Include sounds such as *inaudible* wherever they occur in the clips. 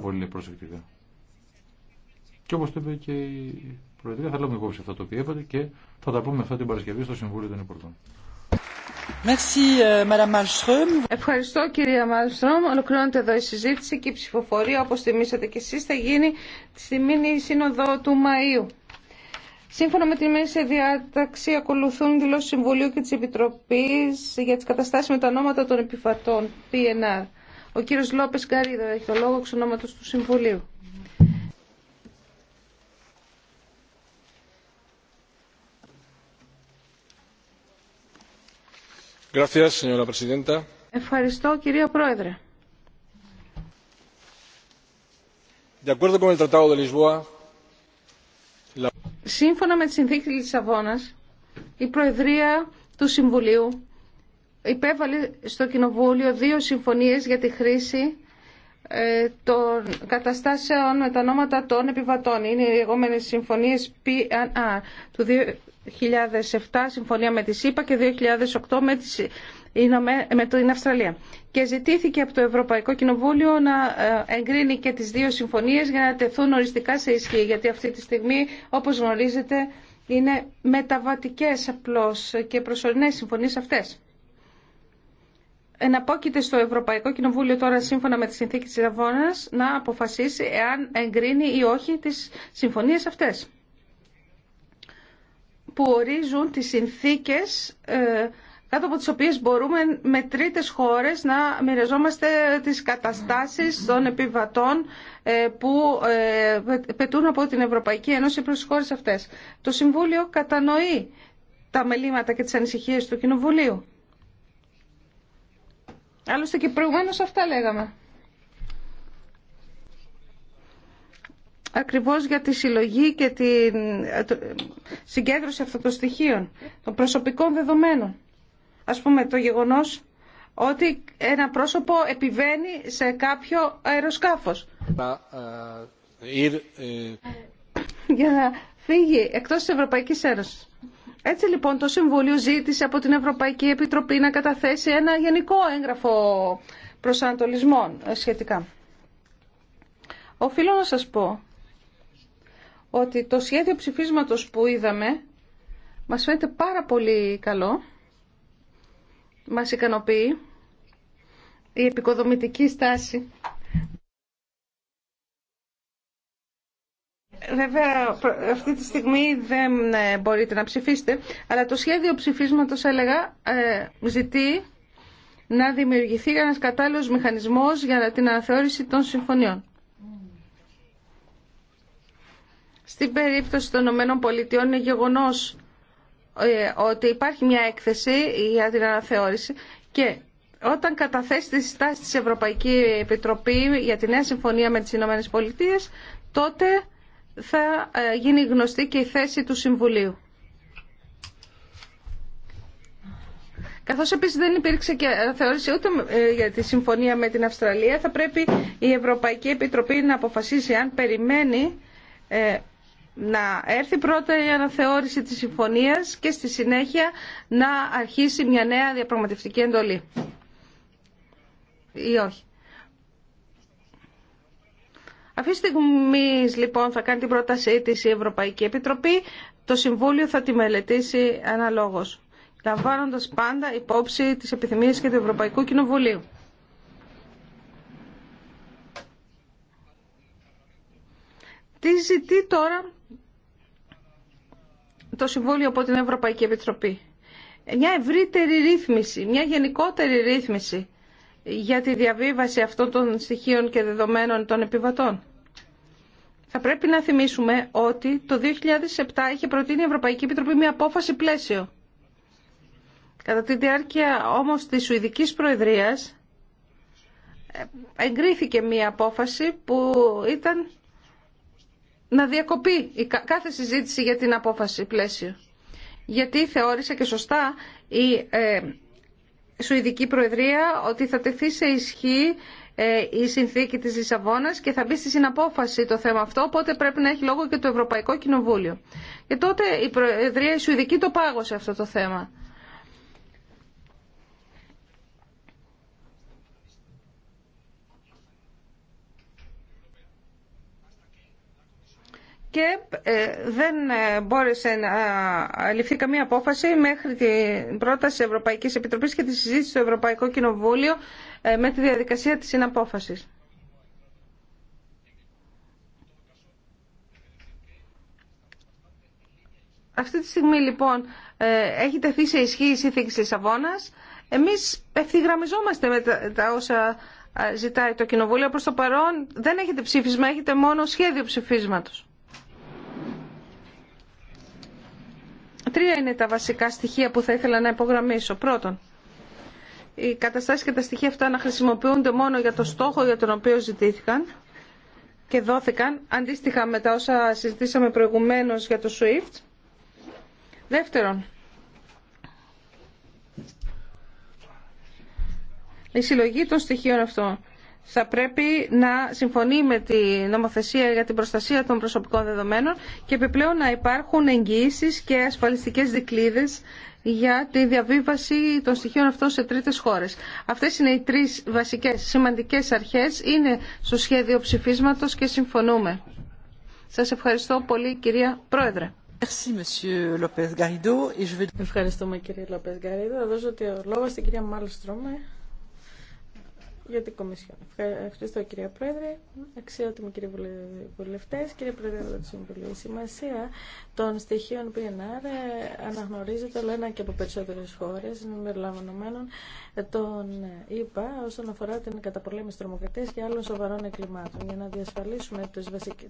πολύ προσεκτικά. Και όπω το είπε και η Προεδρία, θα λάβουμε υπόψη αυτό το οποίο είπατε και θα τα πούμε αυτά την Παρασκευή στο Συμβούλιο των Υπουργών. Euh, Ευχαριστώ κυρία Μάλστρομ. Ολοκληρώνεται εδώ η συζήτηση και η ψηφοφορία, όπως θυμήσατε και εσείς, θα γίνει στη μήνυ σύνοδο του Μαΐου. Σύμφωνα με τη μέση διάταξη ακολουθούν δηλώσεις Συμβουλίου και της Επιτροπής για τις καταστάσεις με τα νόματα των επιφατών PNR. Ο κύριος Λόπες Γκάριδο έχει το λόγο εξ του Συμβουλίου. Ευχαριστώ κυρία Πρόεδρε. Σύμφωνα με τη συνθήκη της Λισαβόνας, η Προεδρία του Συμβουλίου υπέβαλε στο Κοινοβούλιο δύο συμφωνίες για τη χρήση ε, των καταστάσεων με τα νόματα των επιβατών. Είναι οι λεγόμενες συμφωνίες PNA του 2007, συμφωνία με τη ΣΥΠΑ και 2008 με, τις, με την Αυστραλία. Και ζητήθηκε από το Ευρωπαϊκό Κοινοβούλιο να ε, εγκρίνει και τις δύο συμφωνίες για να τεθούν οριστικά σε ισχύ, γιατί αυτή τη στιγμή, όπως γνωρίζετε, είναι μεταβατικές απλώς και προσωρινές συμφωνίες αυτές εναπόκειται στο Ευρωπαϊκό Κοινοβούλιο τώρα σύμφωνα με τη συνθήκη της Λαβώνας να αποφασίσει εάν εγκρίνει ή όχι τις συμφωνίες αυτές που ορίζουν τις συνθήκες ε, κάτω από τις οποίες μπορούμε με τρίτες χώρες να μοιραζόμαστε τις καταστάσεις των επιβατών ε, που ε, πετούν από την Ευρωπαϊκή Ένωση προς τις χώρες αυτές. Το Συμβούλιο κατανοεί τα μελήματα και τις ανησυχίες του Κοινοβουλίου Άλλωστε και προηγουμένως αυτά λέγαμε. Ακριβώς για τη συλλογή και τη συγκέντρωση αυτών των στοιχείων, των προσωπικών δεδομένων. Ας πούμε το γεγονός ότι ένα πρόσωπο επιβαίνει σε κάποιο αεροσκάφος. Για να φύγει εκτός της Ευρωπαϊκής Ένωσης. Έτσι λοιπόν το Συμβούλιο ζήτησε από την Ευρωπαϊκή Επιτροπή να καταθέσει ένα γενικό έγγραφο προσανατολισμών ε, σχετικά. Οφείλω να σας πω ότι το σχέδιο ψηφίσματος που είδαμε μας φαίνεται πάρα πολύ καλό, μας ικανοποιεί η επικοδομητική στάση Βέβαια, αυτή τη στιγμή δεν ε, μπορείτε να ψηφίσετε, αλλά το σχέδιο ψηφίσματος, έλεγα, ε, ζητεί να δημιουργηθεί ένας κατάλληλος μηχανισμός για την αναθεώρηση των συμφωνιών. Στην περίπτωση των Ηνωμένων Πολιτειών είναι γεγονός ε, ότι υπάρχει μια έκθεση για την αναθεώρηση και όταν καταθέσει τη στάση της Ευρωπαϊκή Επιτροπή για τη νέα συμφωνία με τις Ηνωμένες Πολιτείες, τότε θα ε, γίνει γνωστή και η θέση του Συμβουλίου. Καθώς επίσης δεν υπήρξε και θεώρηση ούτε ε, για τη συμφωνία με την Αυστραλία, θα πρέπει η Ευρωπαϊκή Επιτροπή να αποφασίσει αν περιμένει ε, να έρθει πρώτα η αναθεώρηση της συμφωνίας και στη συνέχεια να αρχίσει μια νέα διαπραγματευτική εντολή. Ή όχι. Αυτή τη στιγμή λοιπόν θα κάνει την πρότασή τη η Ευρωπαϊκή Επιτροπή, το Συμβούλιο θα τη μελετήσει αναλόγω, Λαμβάνοντα πάντα υπόψη τι επιθυμίε και του Ευρωπαϊκού Κοινοβουλίου. Τι ζητεί τώρα το Συμβούλιο από την Ευρωπαϊκή Επιτροπή. Μια ευρύτερη ρύθμιση, μια γενικότερη ρύθμιση για τη διαβίβαση αυτών των στοιχείων και δεδομένων των επιβατών. Θα πρέπει να θυμίσουμε ότι το 2007 είχε προτείνει η Ευρωπαϊκή Επιτροπή μια απόφαση πλαίσιο. Κατά τη διάρκεια όμως της Σουηδικής Προεδρίας εγκρίθηκε μια απόφαση που ήταν να διακοπεί η κάθε συζήτηση για την απόφαση πλαίσιο. Γιατί θεώρησε και σωστά η ε, Σουηδική Προεδρία ότι θα τεθεί σε ισχύ ε, η συνθήκη της Λισαβόνας και θα μπει στη συναπόφαση το θέμα αυτό, οπότε πρέπει να έχει λόγο και το Ευρωπαϊκό Κοινοβούλιο. Και τότε η Προεδρία η Σουηδική το πάγωσε αυτό το θέμα. και ε, δεν ε, μπόρεσε να ληφθεί καμία απόφαση μέχρι την πρόταση της Ευρωπαϊκής Επιτροπής και τη συζήτηση στο Ευρωπαϊκό Κοινοβούλιο ε, με τη διαδικασία της συναπόφασης. Αυτή τη στιγμή λοιπόν έχει τεθεί σε ισχύ η σύνθηξη της Λισαβόνας. Εμείς ευθυγραμμιζόμαστε με τα όσα ζητάει το Κοινοβούλιο. Προς το παρόν δεν έχετε ψήφισμα, έχετε μόνο σχέδιο ψηφίσματος. Τρία είναι τα βασικά στοιχεία που θα ήθελα να υπογραμμίσω. Πρώτον, οι καταστάσεις και τα στοιχεία αυτά να χρησιμοποιούνται μόνο για το στόχο για τον οποίο ζητήθηκαν και δόθηκαν, αντίστοιχα με τα όσα συζητήσαμε προηγουμένως για το SWIFT. Δεύτερον, η συλλογή των στοιχείων αυτών θα πρέπει να συμφωνεί με τη νομοθεσία για την προστασία των προσωπικών δεδομένων και επιπλέον να υπάρχουν εγγυήσεις και ασφαλιστικές δικλείδες για τη διαβίβαση των στοιχείων αυτών σε τρίτες χώρες. Αυτές είναι οι τρεις βασικές σημαντικές αρχές, είναι στο σχέδιο ψηφίσματος και συμφωνούμε. Σας ευχαριστώ πολύ κυρία Πρόεδρε. Ευχαριστούμε κύριε Λόπεζ Γκαρίδο. Θα δώσω το λόγο στην κυρία Μάλστρομ για την Κομισιόν. Ευχαριστώ κυρία Πρόεδρε, αξιότιμοι κύριοι βουλευτέ, κύριε Πρόεδρε του Συμβουλίου. Η σημασία των στοιχείων PNR αναγνωρίζεται λένε και από περισσότερε χώρε, συμπεριλαμβανομένων των ΗΠΑ, όσον αφορά την καταπολέμηση τρομοκρατία και άλλων σοβαρών εγκλημάτων. Για να διασφαλίσουμε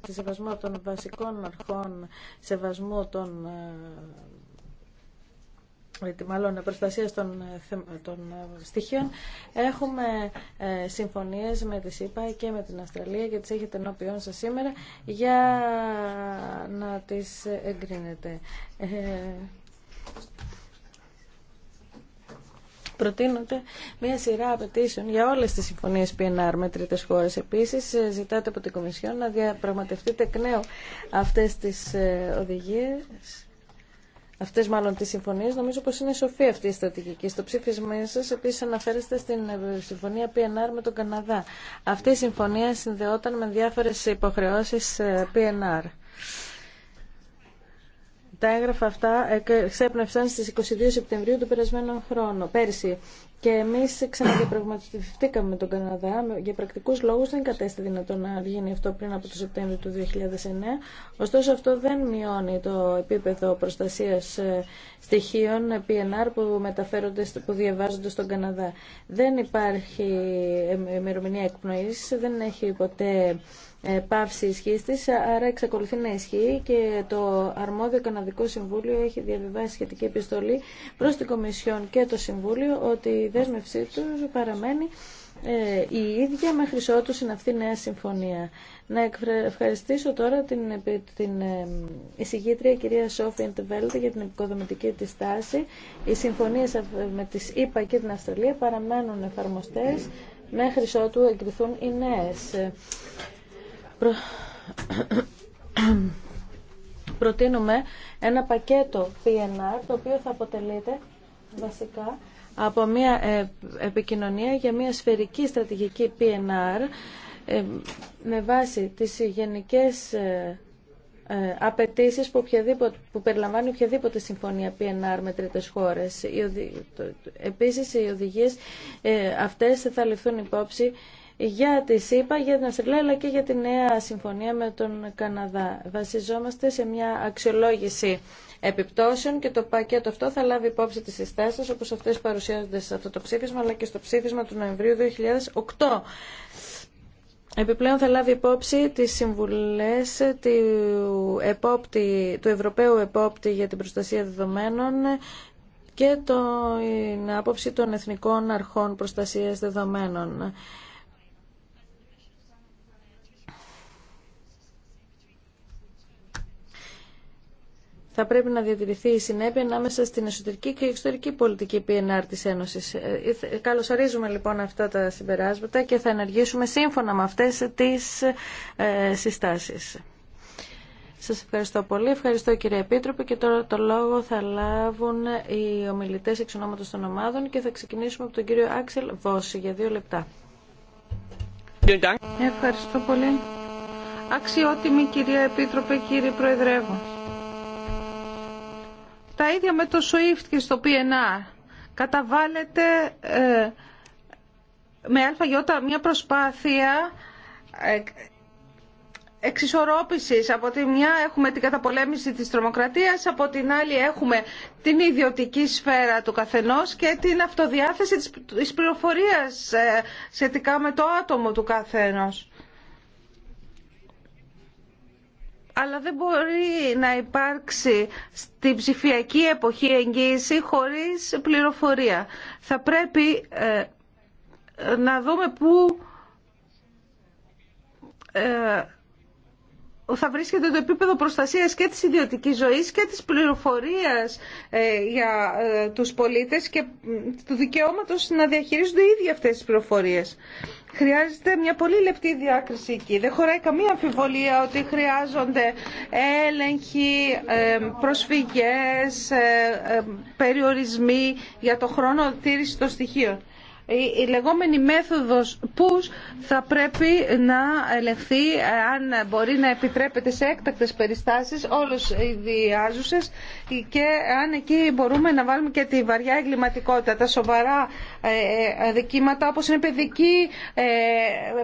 τη σεβασμό των βασικών αρχών σεβασμού των ε, μάλλον προστασία των, ε, των ε, στοιχείων. Έχουμε ε, συμφωνίες με τη ΣΥΠΑ και με την Αυστραλία και τις έχετε ενώπιόν σας σήμερα για να τις εγκρίνετε. Ε, προτείνονται μια σειρά απαιτήσεων για όλε τι συμφωνίε PNR με τρίτε χώρε. Επίση, ε, ζητάτε από την Κομισιόν να διαπραγματευτείτε εκ νέου αυτέ τι οδηγίε αυτές μάλλον τις συμφωνίες, νομίζω πως είναι σοφή αυτή η στρατηγική. Στο ψήφισμα σας επίσης αναφέρεστε στην ε, συμφωνία PNR με τον Καναδά. Αυτή η συμφωνία συνδεόταν με διάφορες υποχρεώσεις ε, PNR. Τα έγγραφα αυτά ε, ξέπνευσαν στις 22 Σεπτεμβρίου του περασμένου χρόνου, πέρσι. Και εμεί ξαναδιαπραγματευτήκαμε με τον Καναδά. Για πρακτικού λόγου δεν κατέστη δυνατόν να γίνει αυτό πριν από το Σεπτέμβριο του 2009. Ωστόσο, αυτό δεν μειώνει το επίπεδο προστασία ε, στοιχείων ε, PNR που μεταφέρονται, που διαβάζονται στον Καναδά. Δεν υπάρχει ημερομηνία εκπνοή, δεν έχει ποτέ ε, πάυση ισχύ τη, άρα εξακολουθεί να ισχύει και το αρμόδιο Καναδικό Συμβούλιο έχει διαβιβάσει σχετική επιστολή προ την Κομισιόν και το Συμβούλιο ότι η δέσμευσή του παραμένει ε, η ίδια μέχρι ότου συναυθεί νέα συμφωνία. Να ευχαριστήσω τώρα την, την ε, εισηγήτρια κυρία Σόφια Εντεβέλτε για την επικοδομητική της στάση. Οι συμφωνίε με τις ΗΠΑ και την Αυστραλία παραμένουν εφαρμοστέ μέχρι ότου εγκριθούν οι νέε προτείνουμε ένα πακέτο PNR το οποίο θα αποτελείται βασικά από μια ε, επικοινωνία για μια σφαιρική στρατηγική PNR ε, με βάση τις γενικές ε, απαιτήσεις που, που περιλαμβάνει οποιαδήποτε συμφωνία PNR με τρίτες χώρες. Επίσης, οι οδηγίες αυτές θα ληφθούν υπόψη για τη ΣΥΠΑ, για την Αυστραλία αλλά και για τη νέα συμφωνία με τον Καναδά. Βασιζόμαστε σε μια αξιολόγηση επιπτώσεων και το πακέτο αυτό θα λάβει υπόψη τις συστάσεις όπως αυτές παρουσιάζονται σε αυτό το ψήφισμα αλλά και στο ψήφισμα του Νοεμβρίου 2008. Επιπλέον θα λάβει υπόψη τις συμβουλές του, επόπτη, του Ευρωπαίου Επόπτη για την προστασία δεδομένων και την άποψη των Εθνικών Αρχών Προστασίας Δεδομένων. θα πρέπει να διατηρηθεί η συνέπεια ανάμεσα στην εσωτερική και εξωτερική πολιτική PNR της Ένωσης. Ε, ε, καλωσορίζουμε λοιπόν αυτά τα συμπεράσματα και θα ενεργήσουμε σύμφωνα με αυτές τις ε, συστάσεις. Σας ευχαριστώ πολύ. Ευχαριστώ κύριε Επίτροπε και τώρα το λόγο θα λάβουν οι ομιλητές εξ ονόματος των ομάδων και θα ξεκινήσουμε από τον κύριο Άξελ Βόση για δύο λεπτά. Ευχαριστώ πολύ. Αξιότιμη κυρία Επίτροπε, κύριε Προεδρεύον τα ίδια με το SWIFT και στο PNR. Καταβάλλεται ε, με ΑΙ μια προσπάθεια ε, εξισορρόπησης. Από τη μια έχουμε την καταπολέμηση της τρομοκρατίας, από την άλλη έχουμε την ιδιωτική σφαίρα του καθενός και την αυτοδιάθεση της πληροφορίας ε, σχετικά με το άτομο του καθενός. αλλά δεν μπορεί να υπάρξει στην ψηφιακή εποχή εγγύηση χωρίς πληροφορία. Θα πρέπει ε, να δούμε πού ε, θα βρίσκεται το επίπεδο προστασίας και της ιδιωτικής ζωής και της πληροφορίας ε, για ε, τους πολίτες και του δικαιώματος να διαχειρίζονται οι ίδιοι αυτές τις πληροφορίες. Χρειάζεται μια πολύ λεπτή διάκριση εκεί. Δεν χωράει καμία αμφιβολία ότι χρειάζονται έλεγχοι, ε, προσφυγές, περιορισμοί για το χρόνο τήρηση των στοιχείων η λεγόμενη μέθοδος που θα πρέπει να ελεγχθεί αν μπορεί να επιτρέπεται σε έκτακτες περιστάσεις όλες οι διάζουσες και αν εκεί μπορούμε να βάλουμε και τη βαριά εγκληματικότητα, τα σοβαρά ε, ε, δικήματα όπως είναι παιδική ε,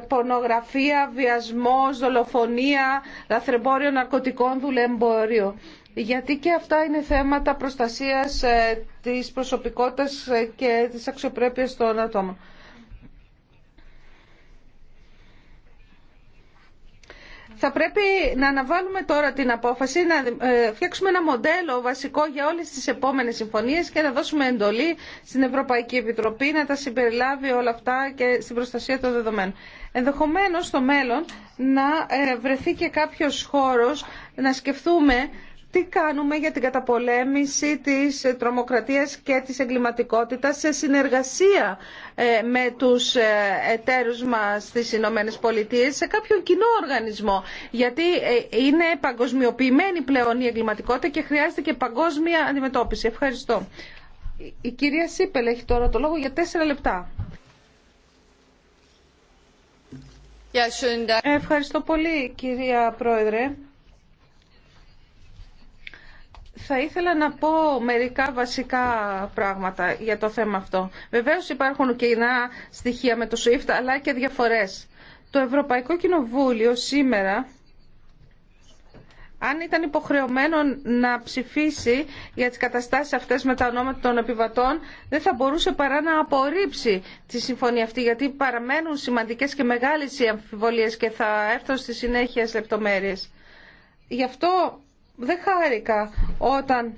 πορνογραφία, βιασμός, δολοφονία, λαθρεμπόριο ναρκωτικών, δουλεμπόριο γιατί και αυτά είναι θέματα προστασίας ε, της προσωπικότητας ε, και της αξιοπρέπειας των ατόμων. Θα πρέπει να αναβάλουμε τώρα την απόφαση, να ε, φτιάξουμε ένα μοντέλο βασικό για όλες τις επόμενες συμφωνίες και να δώσουμε εντολή στην Ευρωπαϊκή Επιτροπή να τα συμπεριλάβει όλα αυτά και στην προστασία των δεδομένων. Ενδεχομένως στο μέλλον να βρεθεί και κάποιος χώρος να σκεφτούμε τι κάνουμε για την καταπολέμηση της τρομοκρατίας και της εγκληματικότητας σε συνεργασία ε, με τους ε, εταίρους μας στις Ηνωμένε Πολιτείες σε κάποιον κοινό οργανισμό γιατί ε, είναι παγκοσμιοποιημένη πλέον η εγκληματικότητα και χρειάζεται και παγκόσμια αντιμετώπιση. Ευχαριστώ. Η κυρία Σίπελ έχει τώρα το λόγο για τέσσερα λεπτά. Ευχαριστώ πολύ κυρία Πρόεδρε. Θα ήθελα να πω μερικά βασικά πράγματα για το θέμα αυτό. Βεβαίως υπάρχουν κοινά στοιχεία με το SWIFT αλλά και διαφορές. Το Ευρωπαϊκό Κοινοβούλιο σήμερα αν ήταν υποχρεωμένο να ψηφίσει για τις καταστάσεις αυτές με τα ονόματα των επιβατών, δεν θα μπορούσε παρά να απορρίψει τη συμφωνία αυτή, γιατί παραμένουν σημαντικές και μεγάλες οι αμφιβολίες και θα έρθω στη συνέχεια λεπτομέρειες. Γι' αυτό δεν χάρηκα όταν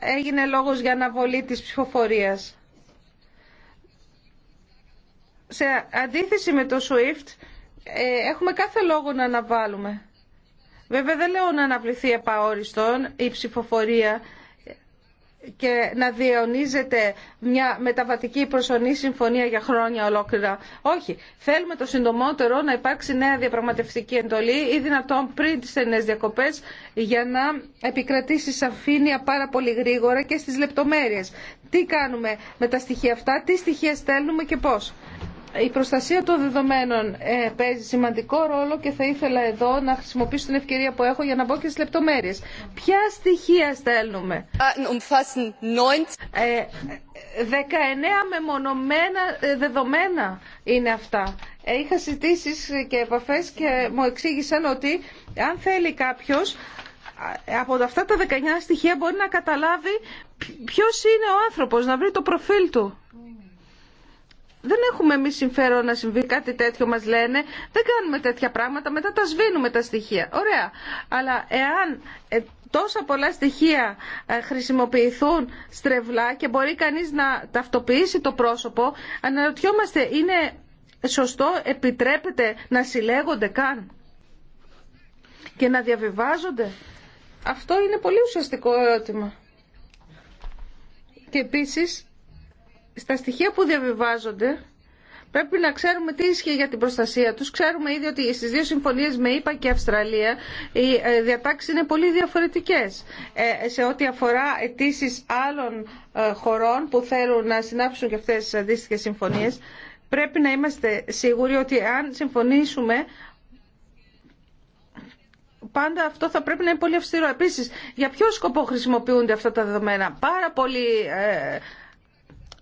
έγινε λόγος για αναβολή της ψηφοφορίας. Σε αντίθεση με το SWIFT, ε, έχουμε κάθε λόγο να αναβάλουμε. Βέβαια δεν λέω να αναβληθεί επαόριστον η ψηφοφορία και να διαιωνίζεται μια μεταβατική προσωνή συμφωνία για χρόνια ολόκληρα. Όχι. Θέλουμε το συντομότερο να υπάρξει νέα διαπραγματευτική εντολή ή δυνατόν πριν τις ενές διακοπές για να επικρατήσει σαφήνεια πάρα πολύ γρήγορα και στις λεπτομέρειες. Τι κάνουμε με τα στοιχεία αυτά, τι στοιχεία στέλνουμε και πώς. Η προστασία των δεδομένων ε, παίζει σημαντικό ρόλο και θα ήθελα εδώ να χρησιμοποιήσω την ευκαιρία που έχω για να μπω και στις λεπτομέρειες. Ποια στοιχεία στέλνουμε. 19 ε, μεμονωμένα ε, δεδομένα είναι αυτά. Είχα συζητήσει και επαφέ και μου εξήγησαν ότι αν θέλει κάποιο, από αυτά τα 19 στοιχεία μπορεί να καταλάβει ποιος είναι ο άνθρωπος, να βρει το προφίλ του. Δεν έχουμε εμεί συμφέρον να συμβεί κάτι τέτοιο, μα λένε. Δεν κάνουμε τέτοια πράγματα, μετά τα σβήνουμε τα στοιχεία. Ωραία. Αλλά εάν ε, τόσα πολλά στοιχεία ε, χρησιμοποιηθούν στρεβλά και μπορεί κανείς να ταυτοποιήσει το πρόσωπο, αναρωτιόμαστε είναι σωστό, επιτρέπεται να συλλέγονται καν και να διαβιβάζονται. Αυτό είναι πολύ ουσιαστικό ερώτημα. Και επίσης στα στοιχεία που διαβιβάζονται πρέπει να ξέρουμε τι ισχύει για την προστασία τους. Ξέρουμε ήδη ότι στις δύο συμφωνίες με ΙΠΑ και Αυστραλία οι ε, διατάξεις είναι πολύ διαφορετικές ε, σε ό,τι αφορά αιτήσει άλλων ε, χωρών που θέλουν να συνάψουν και αυτές τις αντίστοιχε συμφωνίες. Πρέπει να είμαστε σίγουροι ότι αν συμφωνήσουμε πάντα αυτό θα πρέπει να είναι πολύ αυστηρό. Επίσης, για ποιο σκοπό χρησιμοποιούνται αυτά τα δεδομένα. Πάρα πολύ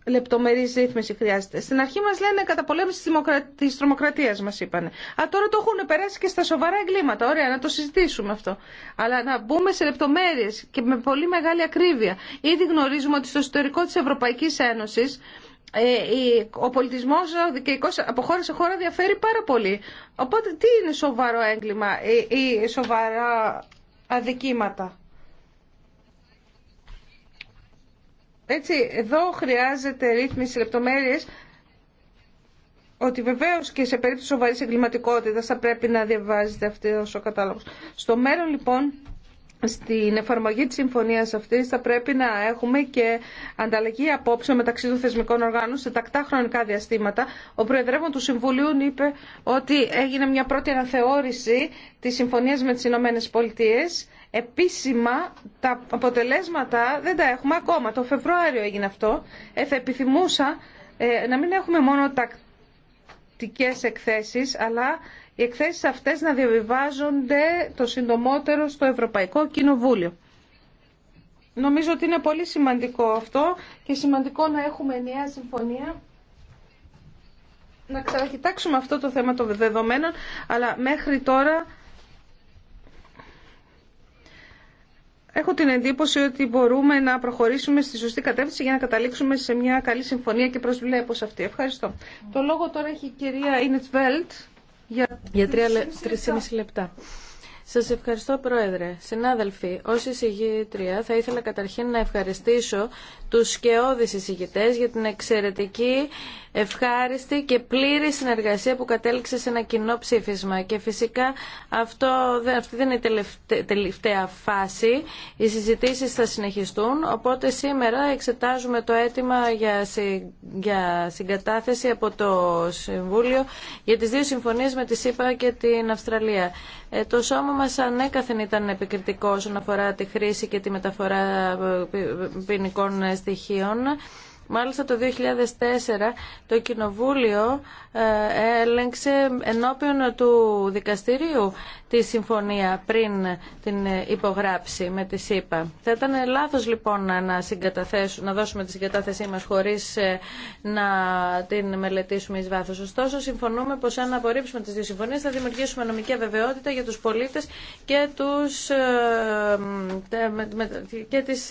Λεπτομερή ρύθμιση χρειάζεται. Στην αρχή μα λένε κατά πολέμηση τη τρομοκρατία, μα είπανε. Α, τώρα το έχουν περάσει και στα σοβαρά εγκλήματα. Ωραία, να το συζητήσουμε αυτό. Αλλά να μπούμε σε λεπτομέρειε και με πολύ μεγάλη ακρίβεια. Ήδη γνωρίζουμε ότι στο ιστορικό της Ευρωπαϊκής Ένωσης ε, ο πολιτισμό ο από χώρα σε χώρα διαφέρει πάρα πολύ. Οπότε τι είναι σοβαρό έγκλημα ε, ή σοβαρά αδικήματα. Έτσι, εδώ χρειάζεται ρύθμιση λεπτομέρειες ότι βεβαίω και σε περίπτωση σοβαρή εγκληματικότητα θα πρέπει να διαβάζεται αυτό ο κατάλογο. Στο μέλλον λοιπόν στην εφαρμογή της συμφωνίας αυτής θα πρέπει να έχουμε και ανταλλαγή απόψεων μεταξύ των θεσμικών οργάνων σε τακτά χρονικά διαστήματα. Ο Προεδρεύων του Συμβουλίου είπε ότι έγινε μια πρώτη αναθεώρηση της συμφωνίας με τις Ηνωμένες Πολιτείες. Επίσημα τα αποτελέσματα δεν τα έχουμε ακόμα. Το Φεβρουάριο έγινε αυτό. Ε, θα επιθυμούσα ε, να μην έχουμε μόνο τακτικές εκθέσεις αλλά οι εκθέσεις αυτές να διαβιβάζονται το συντομότερο στο Ευρωπαϊκό Κοινοβούλιο. Νομίζω ότι είναι πολύ σημαντικό αυτό και σημαντικό να έχουμε ενιαία συμφωνία. Να ξανακοιτάξουμε αυτό το θέμα των δεδομένων, αλλά μέχρι τώρα έχω την εντύπωση ότι μπορούμε να προχωρήσουμε στη σωστή κατεύθυνση για να καταλήξουμε σε μια καλή συμφωνία και προσβλέπω σε αυτή. Ευχαριστώ. Το λόγο τώρα έχει η κυρία Ινετ για τρει και μισή λεπτά. Σα ευχαριστώ Πρόεδρε. Συνάδελφοι, ω εισηγήτρια θα ήθελα καταρχήν να ευχαριστήσω τους σκεώδει εισηγητέ για την εξαιρετική, ευχάριστη και πλήρη συνεργασία που κατέληξε σε ένα κοινό ψήφισμα. Και φυσικά αυτό, αυτή δεν είναι η τελευταία, φάση. Οι συζητήσει θα συνεχιστούν, οπότε σήμερα εξετάζουμε το αίτημα για, για συγκατάθεση από το Συμβούλιο για τι δύο συμφωνίε με τη ΣΥΠΑ και την Αυστραλία. Ε, το σώμα μας ανέκαθεν ήταν επικριτικό όσον αφορά τη χρήση και τη μεταφορά ε, ε, ποινικών ε, στοιχείων Μάλιστα το 2004 το Κοινοβούλιο ε, έλεγξε ενώπιον του δικαστηρίου τη συμφωνία πριν την υπογράψει με τη ΣΥΠΑ. Θα ήταν λάθος λοιπόν να, να δώσουμε τη συγκατάθεσή μας χωρίς ε, να την μελετήσουμε εις βάθος. Ωστόσο συμφωνούμε πως αν απορρίψουμε τις δύο συμφωνίες θα δημιουργήσουμε νομική αβεβαιότητα για τους πολίτες και, τους, ε, και τις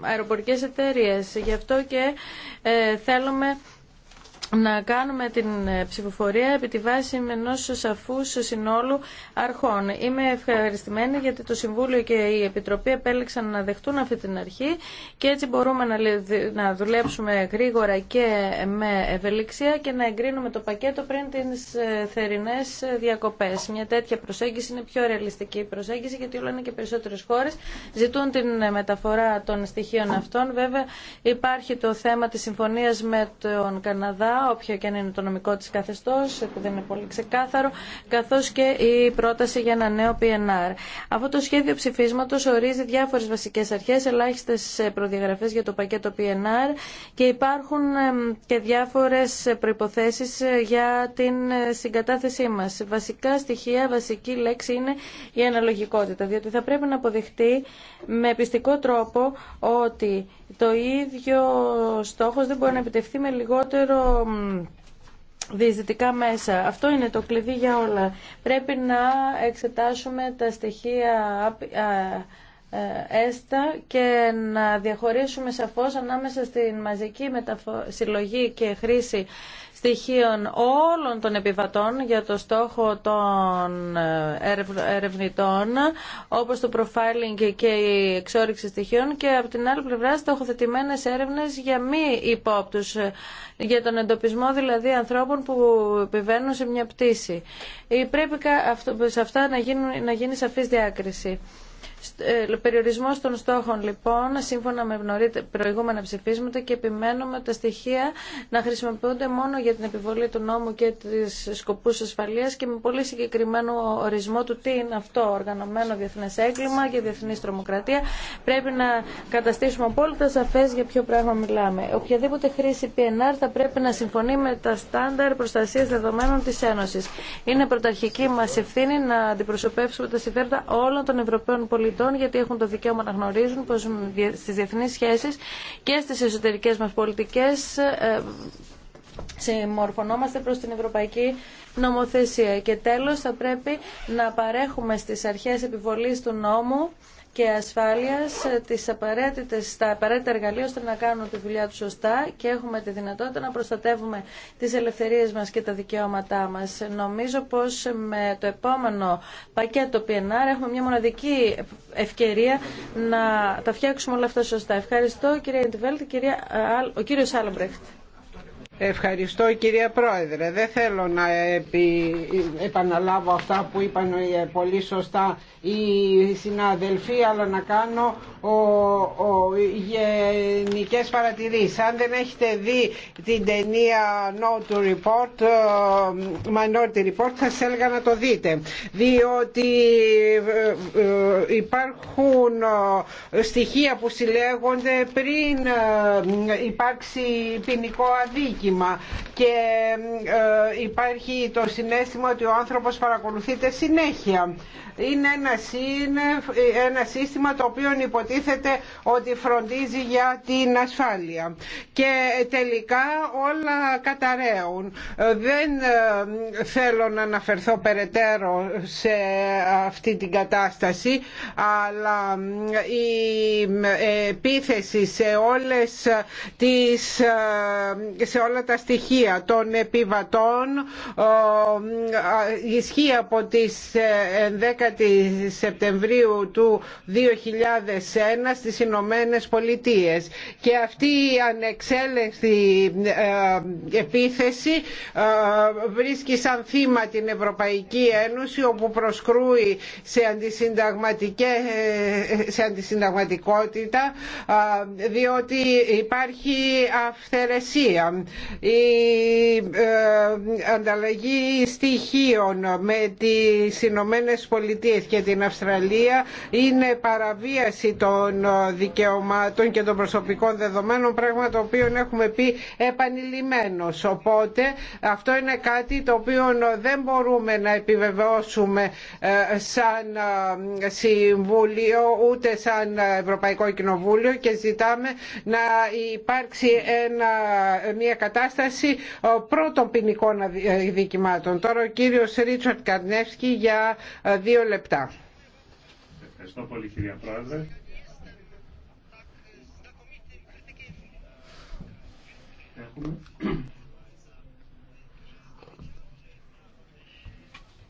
αεροπορικές εταιρείες. Γι' αυτό και ε, θέλουμε να κάνουμε την ε, ψηφοφορία επί τη βάση ενό σαφού συνόλου αρχών. Είμαι ευχαριστημένη γιατί το Συμβούλιο και η Επιτροπή επέλεξαν να δεχτούν αυτή την αρχή και έτσι μπορούμε να δουλέψουμε γρήγορα και με ευελιξία και να εγκρίνουμε το πακέτο πριν τις ε, θερινές διακοπές. Μια τέτοια προσέγγιση είναι πιο ρεαλιστική προσέγγιση γιατί όλα είναι και περισσότερες χώρες ζητούν την ε, μεταφορά των στοιχείων αυτών. Βέβαια υπάρχει το θέμα της συμφωνίας με τον Καναδά όποιο και αν είναι το νομικό της καθεστώς, που δεν είναι πολύ ξεκάθαρο, καθώς και η πρόταση για ένα νέο PNR. Αυτό το σχέδιο ψηφίσματος ορίζει διάφορες βασικές αρχές, ελάχιστες προδιαγραφές για το πακέτο PNR και υπάρχουν και διάφορες προϋποθέσεις για την συγκατάθεσή μας. Βασικά στοιχεία, βασική λέξη είναι η αναλογικότητα, διότι θα πρέπει να αποδειχτεί με πιστικό τρόπο ότι το ίδιο στόχος δεν μπορεί να επιτευχθεί με λιγότερο διαιτητικά μέσα. Αυτό είναι το κλειδί για όλα. Πρέπει να εξετάσουμε τα στοιχεία ε, έστα και να διαχωρίσουμε σαφώς ανάμεσα στην μαζική μεταφο... συλλογή και χρήση στοιχείων όλων των επιβατών για το στόχο των ε, ερευνητών όπως το profiling και η εξόριξη στοιχείων και από την άλλη πλευρά στοχοθετημένες έρευνες για μη υπόπτους ε, για τον εντοπισμό δηλαδή ανθρώπων που επιβαίνουν σε μια πτήση. Πρέπει σε αυτά να γίνει, να γίνει σαφής διάκριση. Ε, Περιορισμό των στόχων λοιπόν, σύμφωνα με προηγούμενα ψηφίσματα και επιμένουμε τα στοιχεία να χρησιμοποιούνται μόνο για την επιβολή του νόμου και τη σκοπού ασφαλείας και με πολύ συγκεκριμένο ορισμό του τι είναι αυτό, οργανωμένο Διεθνέ έγκλημα και Διεθνή τρομοκρατία. Πρέπει να καταστήσουμε απόλυτα σαφέ για ποιο πράγμα μιλάμε. Οποιαδήποτε χρήση PNR θα πρέπει να συμφωνεί με τα στάνταρ Προστασία δεδομένων τη Ένωση. Είναι πρωταρχική μα ευθύνη να αντιπροσωπεύσουμε τα συμφέροντα όλων των Ευρωπαίων πολιτών πολιτών γιατί έχουν το δικαίωμα να γνωρίζουν πως στις διεθνείς σχέσεις και στις εσωτερικές μας πολιτικές ε, συμμορφωνόμαστε προς την ευρωπαϊκή νομοθεσία. Και τέλος θα πρέπει να παρέχουμε στις αρχές επιβολής του νόμου και ασφάλειας ε, τις απαραίτητες, τα απαραίτητα εργαλεία ώστε να κάνουν τη δουλειά τους σωστά και έχουμε τη δυνατότητα να προστατεύουμε τις ελευθερίες μας και τα δικαιώματά μας. Νομίζω πως με το επόμενο πακέτο PNR έχουμε μια μοναδική ευκαιρία να τα φτιάξουμε όλα αυτά σωστά. Ευχαριστώ κυρία Ιντιβέλτη, κυρία, ο κύριος Άλμπρεχτ. Ευχαριστώ κυρία Πρόεδρε. Δεν θέλω να επι... επαναλάβω αυτά που είπαν ε, πολύ σωστά οι συναδελφοί, αλλά να κάνω ο... Ο... γενικές παρατηρήσεις. Αν δεν έχετε δει την ταινία No to Report, ε, Minority Report, θα σας έλεγα να το δείτε. Διότι ε, υπάρχουν στοιχεία που συλλέγονται πριν υπάρξει ποινικό αδίκη και ε, υπάρχει το συνέστημα ότι ο άνθρωπος παρακολουθείται συνέχεια. Είναι ένα σύστημα το οποίο υποτίθεται ότι φροντίζει για την ασφάλεια και τελικά όλα καταραίουν. Δεν ε, θέλω να αναφερθώ περαιτέρω σε αυτή την κατάσταση αλλά η ε, επίθεση σε όλες τις σε όλα τα στοιχεία των επιβατών ε, ισχύει από τις 10 ε, Σεπτεμβρίου του 2001 στις Ηνωμένε Πολιτείες και αυτή η ανεξέλεγκτη ε, επίθεση βρίσκει σαν θύμα την Ευρωπαϊκή Ένωση όπου προσκρούει σε, σε αντισυνταγματικότητα διότι υπάρχει αυθαιρεσία η ε, ανταλλαγή στοιχείων με τις Ηνωμένε Πολιτείες και την Αυστραλία είναι παραβίαση των δικαιωμάτων και των προσωπικών δεδομένων πράγμα το οποίο έχουμε πει επανειλημμένος οπότε αυτό είναι κάτι το οποίο δεν μπορούμε να επιβεβαιώσουμε ε, σαν ε, Συμβούλιο ούτε σαν Ευρωπαϊκό Κοινοβούλιο και ζητάμε να υπάρξει ένα, μια κατάσταση κατάσταση πρώτων ποινικών ε, δικημάτων. Τώρα ο κύριος Ρίτσαρτ Καρνεύσκη για ε, δύο λεπτά. Ευχαριστώ πολύ κυρία Πρόεδρε.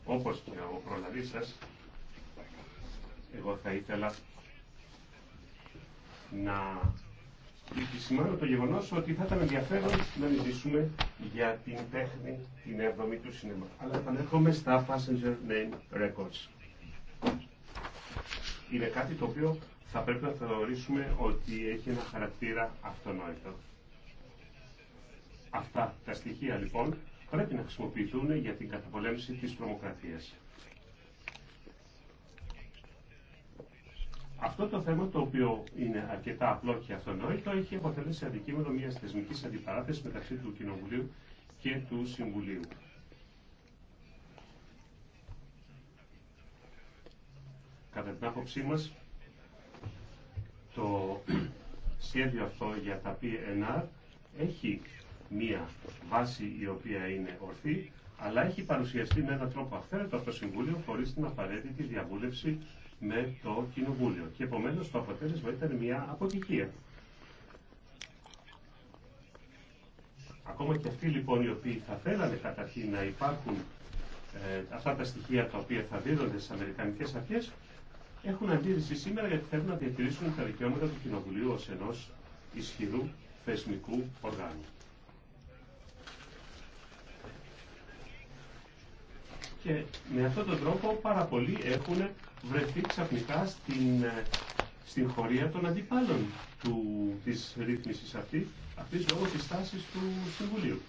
Όπως και ο προλαβής σας, εγώ θα ήθελα να επισημάνω το γεγονό ότι θα ήταν ενδιαφέρον να μιλήσουμε για την τέχνη την έβδομη του σινεμά. Αλλά επανέρχομαι στα Passenger Name Records. Είναι κάτι το οποίο θα πρέπει να θεωρήσουμε ότι έχει ένα χαρακτήρα αυτονόητο. Αυτά τα στοιχεία λοιπόν πρέπει να χρησιμοποιηθούν για την καταπολέμηση της τρομοκρατίας. Αυτό το θέμα το οποίο είναι αρκετά απλό και αυτονόητο έχει αποτελέσει αντικείμενο μια θεσμική αντιπαράθεσης μεταξύ του Κοινοβουλίου και του Συμβουλίου. Κατά την άποψή μας, το *clears throat* σχέδιο αυτό για τα PNR έχει μία βάση η οποία είναι ορθή, αλλά έχει παρουσιαστεί με έναν τρόπο αυθαίρετο από το Συμβούλιο χωρίς την απαραίτητη διαβούλευση με το Κοινοβούλιο. Και επομένως το αποτέλεσμα ήταν μια αποτυχία. Ακόμα και αυτοί λοιπόν οι οποίοι θα θέλανε καταρχήν να υπάρχουν ε, αυτά τα στοιχεία τα οποία θα δίδονται στι Αμερικανικέ Αρχέ έχουν αντίρρηση σήμερα γιατί θέλουν να διατηρήσουν τα δικαιώματα του Κοινοβουλίου ως ενό ισχυρού θεσμικού οργάνου. Και με αυτόν τον τρόπο πάρα πολλοί έχουν βρεθεί ξαφνικά στην, ε, στην χωρία των αντιπάλων του, της ρύθμισης αυτή, αυτής λόγω της τάσης του Συμβουλίου.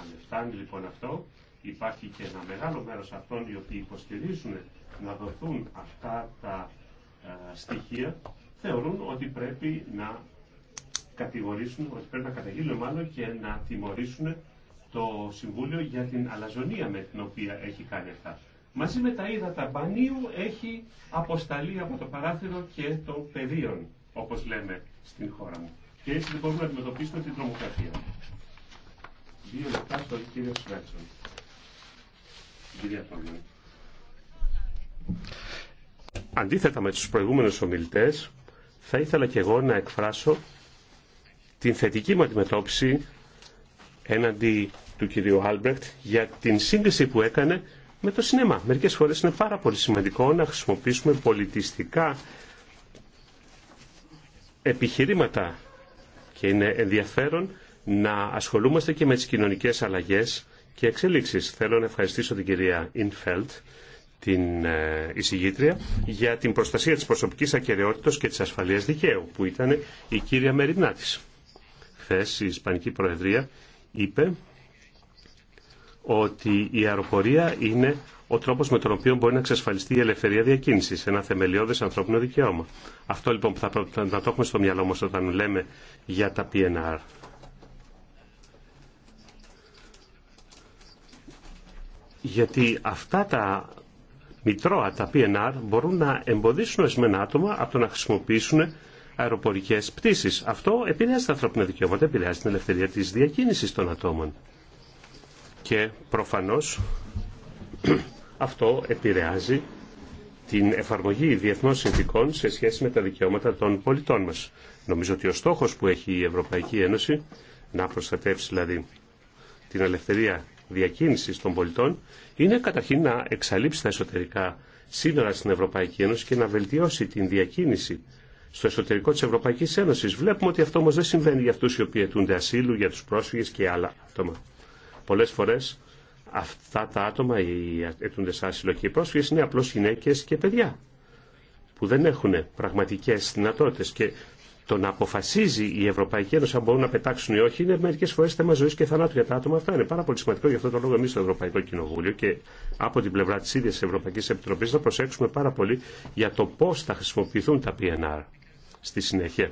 Αν φτάνει λοιπόν αυτό, υπάρχει και ένα μεγάλο μέρος αυτών οι οποίοι υποστηρίζουν να δοθούν αυτά τα ε, στοιχεία, θεωρούν ότι πρέπει να κατηγορήσουν, ότι πρέπει να καταγγείλουν μάλλον και να τιμωρήσουν το Συμβούλιο για την αλαζονία με την οποία έχει κάνει αυτά μαζί με τα ύδατα μπανίου έχει αποσταλεί από το παράθυρο και των πεδίων, όπως λέμε στην χώρα μου. Και έτσι δεν λοιπόν μπορούμε να αντιμετωπίσουμε την τρομοκρατία. Αντίθετα με τους προηγούμενους ομιλητές, θα ήθελα και εγώ να εκφράσω την θετική μου αντιμετώπιση έναντι του κυρίου Άλμπρεκτ για την σύγκριση που έκανε με το σινεμά. Μερικές φορές είναι πάρα πολύ σημαντικό να χρησιμοποιήσουμε πολιτιστικά επιχειρήματα και είναι ενδιαφέρον να ασχολούμαστε και με τις κοινωνικές αλλαγές και εξελίξεις. Θέλω να ευχαριστήσω την κυρία Ινφέλτ, την ε, εισηγήτρια, για την προστασία της προσωπικής ακαιρεότητας και της ασφαλείας δικαίου, που ήταν η κύρια Μεριμνάτης. της. η Ισπανική Προεδρία είπε ότι η αεροπορία είναι ο τρόπο με τον οποίο μπορεί να εξασφαλιστεί η ελευθερία διακίνηση, ένα θεμελιώδε ανθρώπινο δικαίωμα. Αυτό λοιπόν που θα πρέπει να το έχουμε στο μυαλό μα όταν λέμε για τα PNR. Γιατί αυτά τα μητρώα, τα PNR, μπορούν να εμποδίσουν ορισμένα άτομα από το να χρησιμοποιήσουν αεροπορικέ πτήσει. Αυτό επηρεάζει τα ανθρώπινα δικαιώματα, επηρεάζει την ελευθερία τη διακίνηση των ατόμων και προφανώς αυτό επηρεάζει την εφαρμογή διεθνών συνθήκων σε σχέση με τα δικαιώματα των πολιτών μας. Νομίζω ότι ο στόχος που έχει η Ευρωπαϊκή Ένωση να προστατεύσει δηλαδή την ελευθερία διακίνησης των πολιτών είναι καταρχήν να εξαλείψει τα εσωτερικά σύνορα στην Ευρωπαϊκή Ένωση και να βελτιώσει την διακίνηση στο εσωτερικό της Ευρωπαϊκής Ένωσης. Βλέπουμε ότι αυτό όμως δεν συμβαίνει για αυτούς οι οποίοι αιτούνται ασύλου, για τους πρόσφυγες και άλλα άτομα. Πολλέ φορέ αυτά τα άτομα, οι αιτούντε άσυλο και οι πρόσφυγε, είναι απλώ γυναίκε και παιδιά που δεν έχουν πραγματικέ δυνατότητε. και το να αποφασίζει η Ευρωπαϊκή Ένωση αν μπορούν να πετάξουν ή όχι είναι μερικέ φορέ θέμα ζωή και θανάτου για τα άτομα αυτά. Είναι πάρα πολύ σημαντικό γι' αυτό το λόγο εμεί στο Ευρωπαϊκό Κοινοβούλιο και από την πλευρά τη ίδια Ευρωπαϊκή Επιτροπή να προσέξουμε πάρα πολύ για το πώ θα χρησιμοποιηθούν τα PNR στη συνέχεια.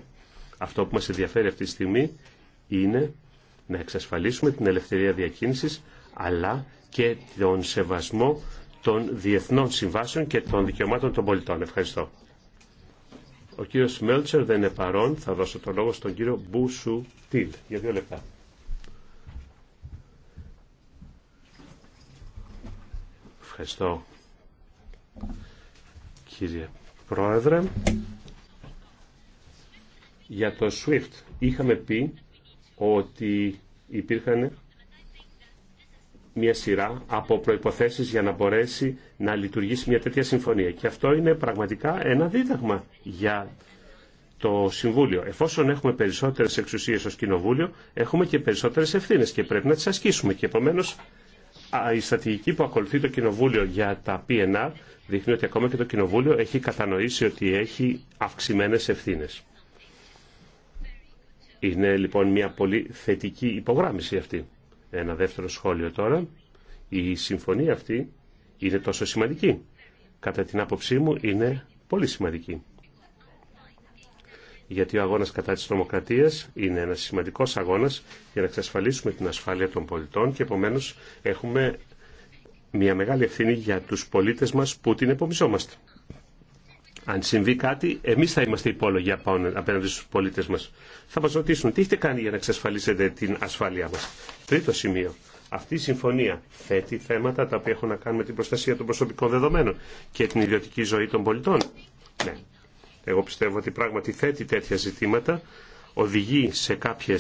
Αυτό που μα ενδιαφέρει αυτή τη στιγμή είναι να εξασφαλίσουμε την ελευθερία διακίνησης αλλά και τον σεβασμό των διεθνών συμβάσεων και των δικαιωμάτων των πολιτών. Ευχαριστώ. Ο κύριος Μέλτσερ δεν είναι παρόν. Θα δώσω το λόγο στον κύριο Μπούσου Τιλ για δύο λεπτά. Ευχαριστώ κύριε Πρόεδρε. Για το SWIFT είχαμε πει ότι υπήρχαν μια σειρά από προϋποθέσεις για να μπορέσει να λειτουργήσει μια τέτοια συμφωνία. Και αυτό είναι πραγματικά ένα δίδαγμα για το Συμβούλιο. Εφόσον έχουμε περισσότερες εξουσίες ως Κοινοβούλιο, έχουμε και περισσότερες ευθύνες και πρέπει να τις ασκήσουμε. Και επομένως η στρατηγική που ακολουθεί το Κοινοβούλιο για τα PNR δείχνει ότι ακόμα και το Κοινοβούλιο έχει κατανοήσει ότι έχει αυξημένες ευθύνες. Είναι λοιπόν μια πολύ θετική υπογράμμιση αυτή. Ένα δεύτερο σχόλιο τώρα. Η συμφωνία αυτή είναι τόσο σημαντική. Κατά την άποψή μου είναι πολύ σημαντική. Γιατί ο αγώνας κατά της τρομοκρατίας είναι ένας σημαντικός αγώνας για να εξασφαλίσουμε την ασφάλεια των πολιτών και επομένως έχουμε μια μεγάλη ευθύνη για τους πολίτες μας που την επομιζόμαστε. Αν συμβεί κάτι, εμεί θα είμαστε υπόλογοι απέναντι στου πολίτε μα. Θα μα ρωτήσουν τι έχετε κάνει για να εξασφαλίσετε την ασφάλειά μα. Τρίτο σημείο. Αυτή η συμφωνία θέτει θέματα τα οποία έχουν να κάνουν με την προστασία των προσωπικών δεδομένων και την ιδιωτική ζωή των πολιτών. Ναι. Εγώ πιστεύω ότι πράγματι θέτει τέτοια ζητήματα, οδηγεί σε κάποιε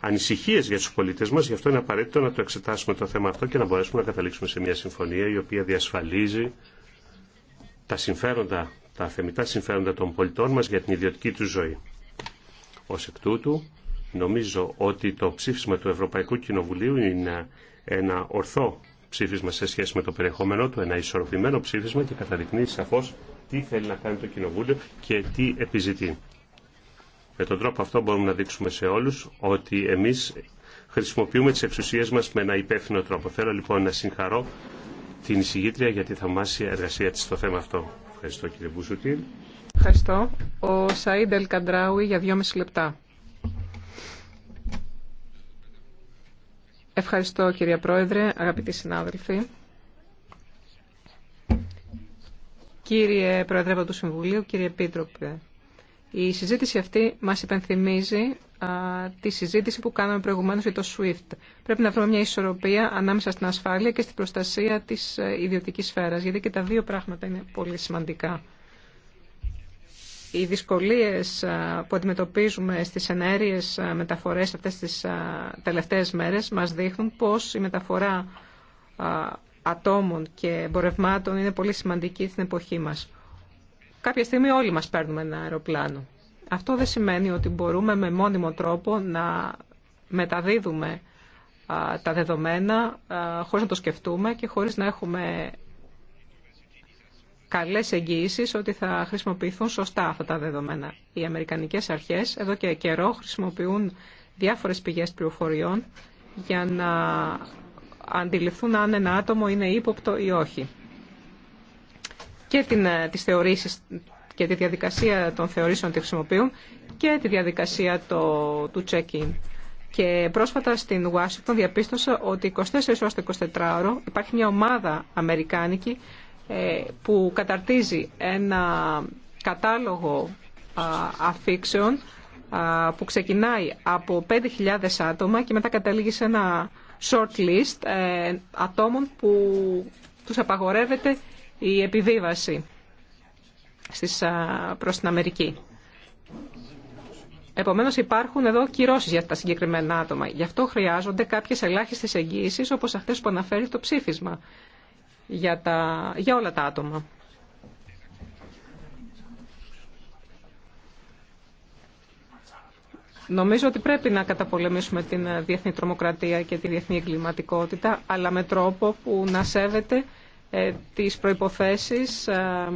ανησυχίε για του πολίτε μα, γι' αυτό είναι απαραίτητο να το εξετάσουμε το θέμα αυτό και να μπορέσουμε να καταλήξουμε σε μια συμφωνία η οποία διασφαλίζει τα συμφέροντα τα θεμητά συμφέροντα των πολιτών μας για την ιδιωτική του ζωή. Ως εκ τούτου, νομίζω ότι το ψήφισμα του Ευρωπαϊκού Κοινοβουλίου είναι ένα ορθό ψήφισμα σε σχέση με το περιεχόμενό του, ένα ισορροπημένο ψήφισμα και καταδεικνύει σαφώς τι θέλει να κάνει το Κοινοβούλιο και τι επιζητεί. Με τον τρόπο αυτό μπορούμε να δείξουμε σε όλους ότι εμείς χρησιμοποιούμε τις εξουσίες μας με ένα υπεύθυνο τρόπο. Θέλω λοιπόν να συγχαρώ την εισηγήτρια για τη θαυμάσια εργασία της στο θέμα αυτό. Ευχαριστώ κύριε Μπουσουτήλ. Ευχαριστώ. Ο Σαΐντ Ελκαντράουι για δυόμιση λεπτά. Ευχαριστώ κύριε Πρόεδρε, αγαπητοί συνάδελφοι. Κύριε Προεδρεύοντα του Συμβουλίου, κύριε Επίτροπε, η συζήτηση αυτή μας υπενθυμίζει α, τη συζήτηση που κάναμε προηγουμένως για το SWIFT. Πρέπει να βρούμε μια ισορροπία ανάμεσα στην ασφάλεια και στην προστασία της ε, ιδιωτικής σφαίρας, γιατί και τα δύο πράγματα είναι πολύ σημαντικά. Οι δυσκολίες που αντιμετωπίζουμε στις ενέργειες μεταφορές αυτές τις τελευταίες μέρες μας δείχνουν πως η μεταφορά ατόμων και εμπορευμάτων είναι πολύ σημαντική στην εποχή μας. Κάποια στιγμή όλοι μας παίρνουμε ένα αεροπλάνο. Αυτό δεν σημαίνει ότι μπορούμε με μόνιμο τρόπο να μεταδίδουμε τα δεδομένα χωρίς να το σκεφτούμε και χωρίς να έχουμε καλές εγγυήσεις ότι θα χρησιμοποιηθούν σωστά αυτά τα δεδομένα. Οι Αμερικανικές αρχές εδώ και καιρό χρησιμοποιούν διάφορες πηγές πληροφοριών για να αντιληφθούν αν ένα άτομο είναι ύποπτο ή όχι και την, ε, τις θεωρήσεις και τη διαδικασία των θεωρήσεων τη χρησιμοποιούν και τη διαδικασία το, του check-in. Και πρόσφατα στην Ουάσιγκτον διαπίστωσα ότι 24 ώρες το 24ωρο υπάρχει μια ομάδα αμερικάνικη ε, που καταρτίζει ένα κατάλογο αφήξεων που ξεκινάει από 5.000 άτομα και μετά καταλήγει σε ένα short list ε, ατόμων που τους απαγορεύεται η επιβίβαση στις, προς την Αμερική. Επομένω, υπάρχουν εδώ κυρώσει για τα συγκεκριμένα άτομα. Γι' αυτό χρειάζονται κάποιε ελάχιστε εγγύησει, όπω αυτέ που αναφέρει το ψήφισμα για, τα, για όλα τα άτομα. Νομίζω ότι πρέπει να καταπολεμήσουμε την διεθνή τρομοκρατία και τη διεθνή εγκληματικότητα, αλλά με τρόπο που να σέβεται ε, τις προϋποθέσεις ε,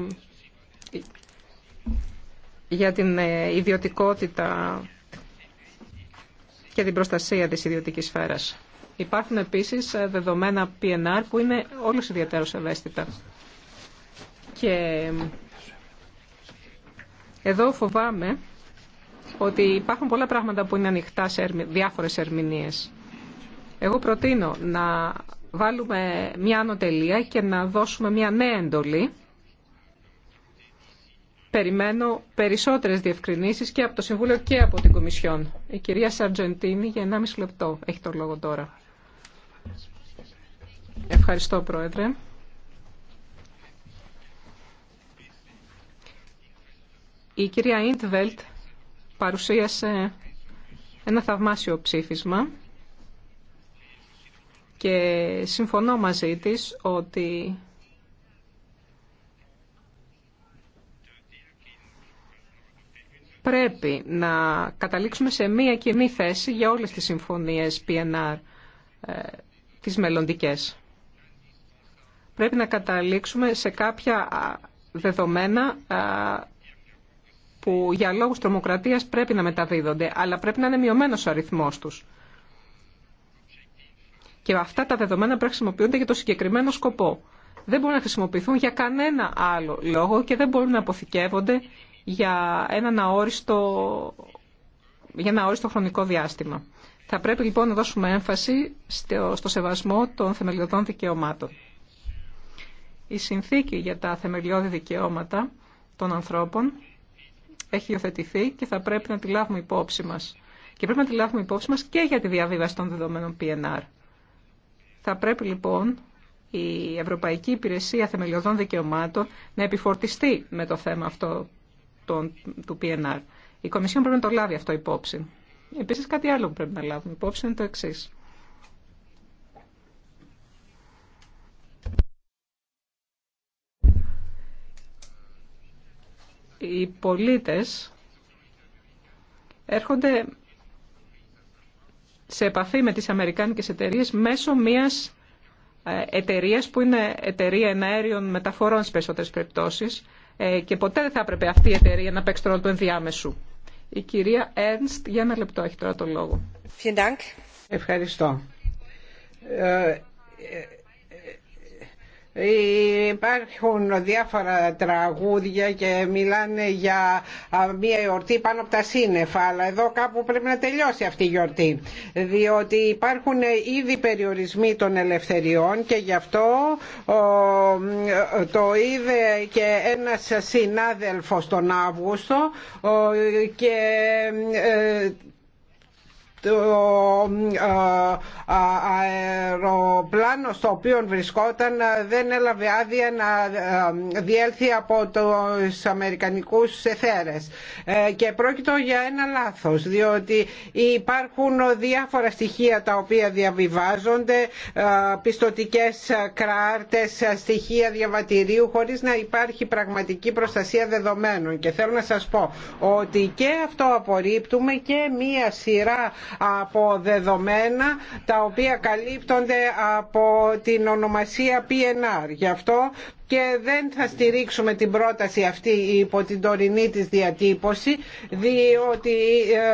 για την ε, ιδιωτικότητα και την προστασία της ιδιωτικής σφαίρας. Υπάρχουν επίσης δεδομένα PNR που είναι όλους ιδιαίτερως ευαίσθητα. Και εδώ φοβάμαι ότι υπάρχουν πολλά πράγματα που είναι ανοιχτά σε διάφορες ερμηνείες. Εγώ προτείνω να βάλουμε μια ανωτελεία και να δώσουμε μια νέα εντολή. Περιμένω περισσότερες διευκρινήσεις και από το Συμβούλιο και από την Κομισιόν. Η κυρία Σαρτζεντίνη για 1,5 λεπτό έχει το λόγο τώρα. Ευχαριστώ, Πρόεδρε. Η κυρία Ιντβελτ παρουσίασε ένα θαυμάσιο ψήφισμα και συμφωνώ μαζί της ότι πρέπει να καταλήξουμε σε μία κοινή θέση για όλες τις συμφωνίες PNR ε, τις μελλοντικές. Πρέπει να καταλήξουμε σε κάποια δεδομένα που για λόγους τρομοκρατίας πρέπει να μεταδίδονται, αλλά πρέπει να είναι μειωμένος ο αριθμός τους. Και αυτά τα δεδομένα πρέπει να χρησιμοποιούνται για το συγκεκριμένο σκοπό. Δεν μπορούν να χρησιμοποιηθούν για κανένα άλλο λόγο και δεν μπορούν να αποθηκεύονται για έναν αόριστο, για ένα αόριστο χρονικό διάστημα. Θα πρέπει λοιπόν να δώσουμε έμφαση στο, στο σεβασμό των θεμελιωδών δικαιωμάτων. Η συνθήκη για τα θεμελιώδη δικαιώματα των ανθρώπων έχει υιοθετηθεί και θα πρέπει να τη λάβουμε υπόψη μας. Και πρέπει να τη λάβουμε υπόψη μας και για τη διαβίβαση των δεδομένων PNR. Θα πρέπει λοιπόν η Ευρωπαϊκή Υπηρεσία Θεμελιωδών Δικαιωμάτων να επιφορτιστεί με το θέμα αυτό του PNR. Η Κομισιόν πρέπει να το λάβει αυτό υπόψη. Επίσης κάτι άλλο που πρέπει να λάβουμε υπόψη είναι το εξή. οι πολίτες έρχονται σε επαφή με τις αμερικάνικες εταιρείες μέσω μιας ε, εταιρείας που είναι εταιρεία εναέριων μεταφορών στις περισσότερες περιπτώσεις ε, και ποτέ δεν θα έπρεπε αυτή η εταιρεία να παίξει το ρόλο του ενδιάμεσου. Η κυρία Έρνστ για ένα λεπτό έχει τώρα το λόγο. Ευχαριστώ. Ε, Υπάρχουν διάφορα τραγούδια και μιλάνε για μια γιορτή πάνω από τα σύννεφα, αλλά εδώ κάπου πρέπει να τελειώσει αυτή η γιορτή. Διότι υπάρχουν ήδη περιορισμοί των ελευθεριών και γι' αυτό το είδε και ένας συνάδελφος τον Αύγουστο και ε, το αεροπλάνο στο οποίο βρισκόταν ε, δεν έλαβε άδεια να ε, διέλθει από τους Αμερικανικούς εθέρες. Ε, και πρόκειτο για ένα λάθος, διότι υπάρχουν διάφορα στοιχεία τα οποία διαβιβάζονται, πιστοτικές κράρτες, στοιχεία διαβατηρίου, χωρίς να υπάρχει πραγματική προστασία δεδομένων. Και θέλω να σας πω ότι και αυτό απορρίπτουμε και μία σειρά από δεδομένα τα οποία καλύπτονται από την ονομασία PNR. Γι' αυτό και δεν θα στηρίξουμε την πρόταση αυτή υπό την τωρινή της διατύπωση διότι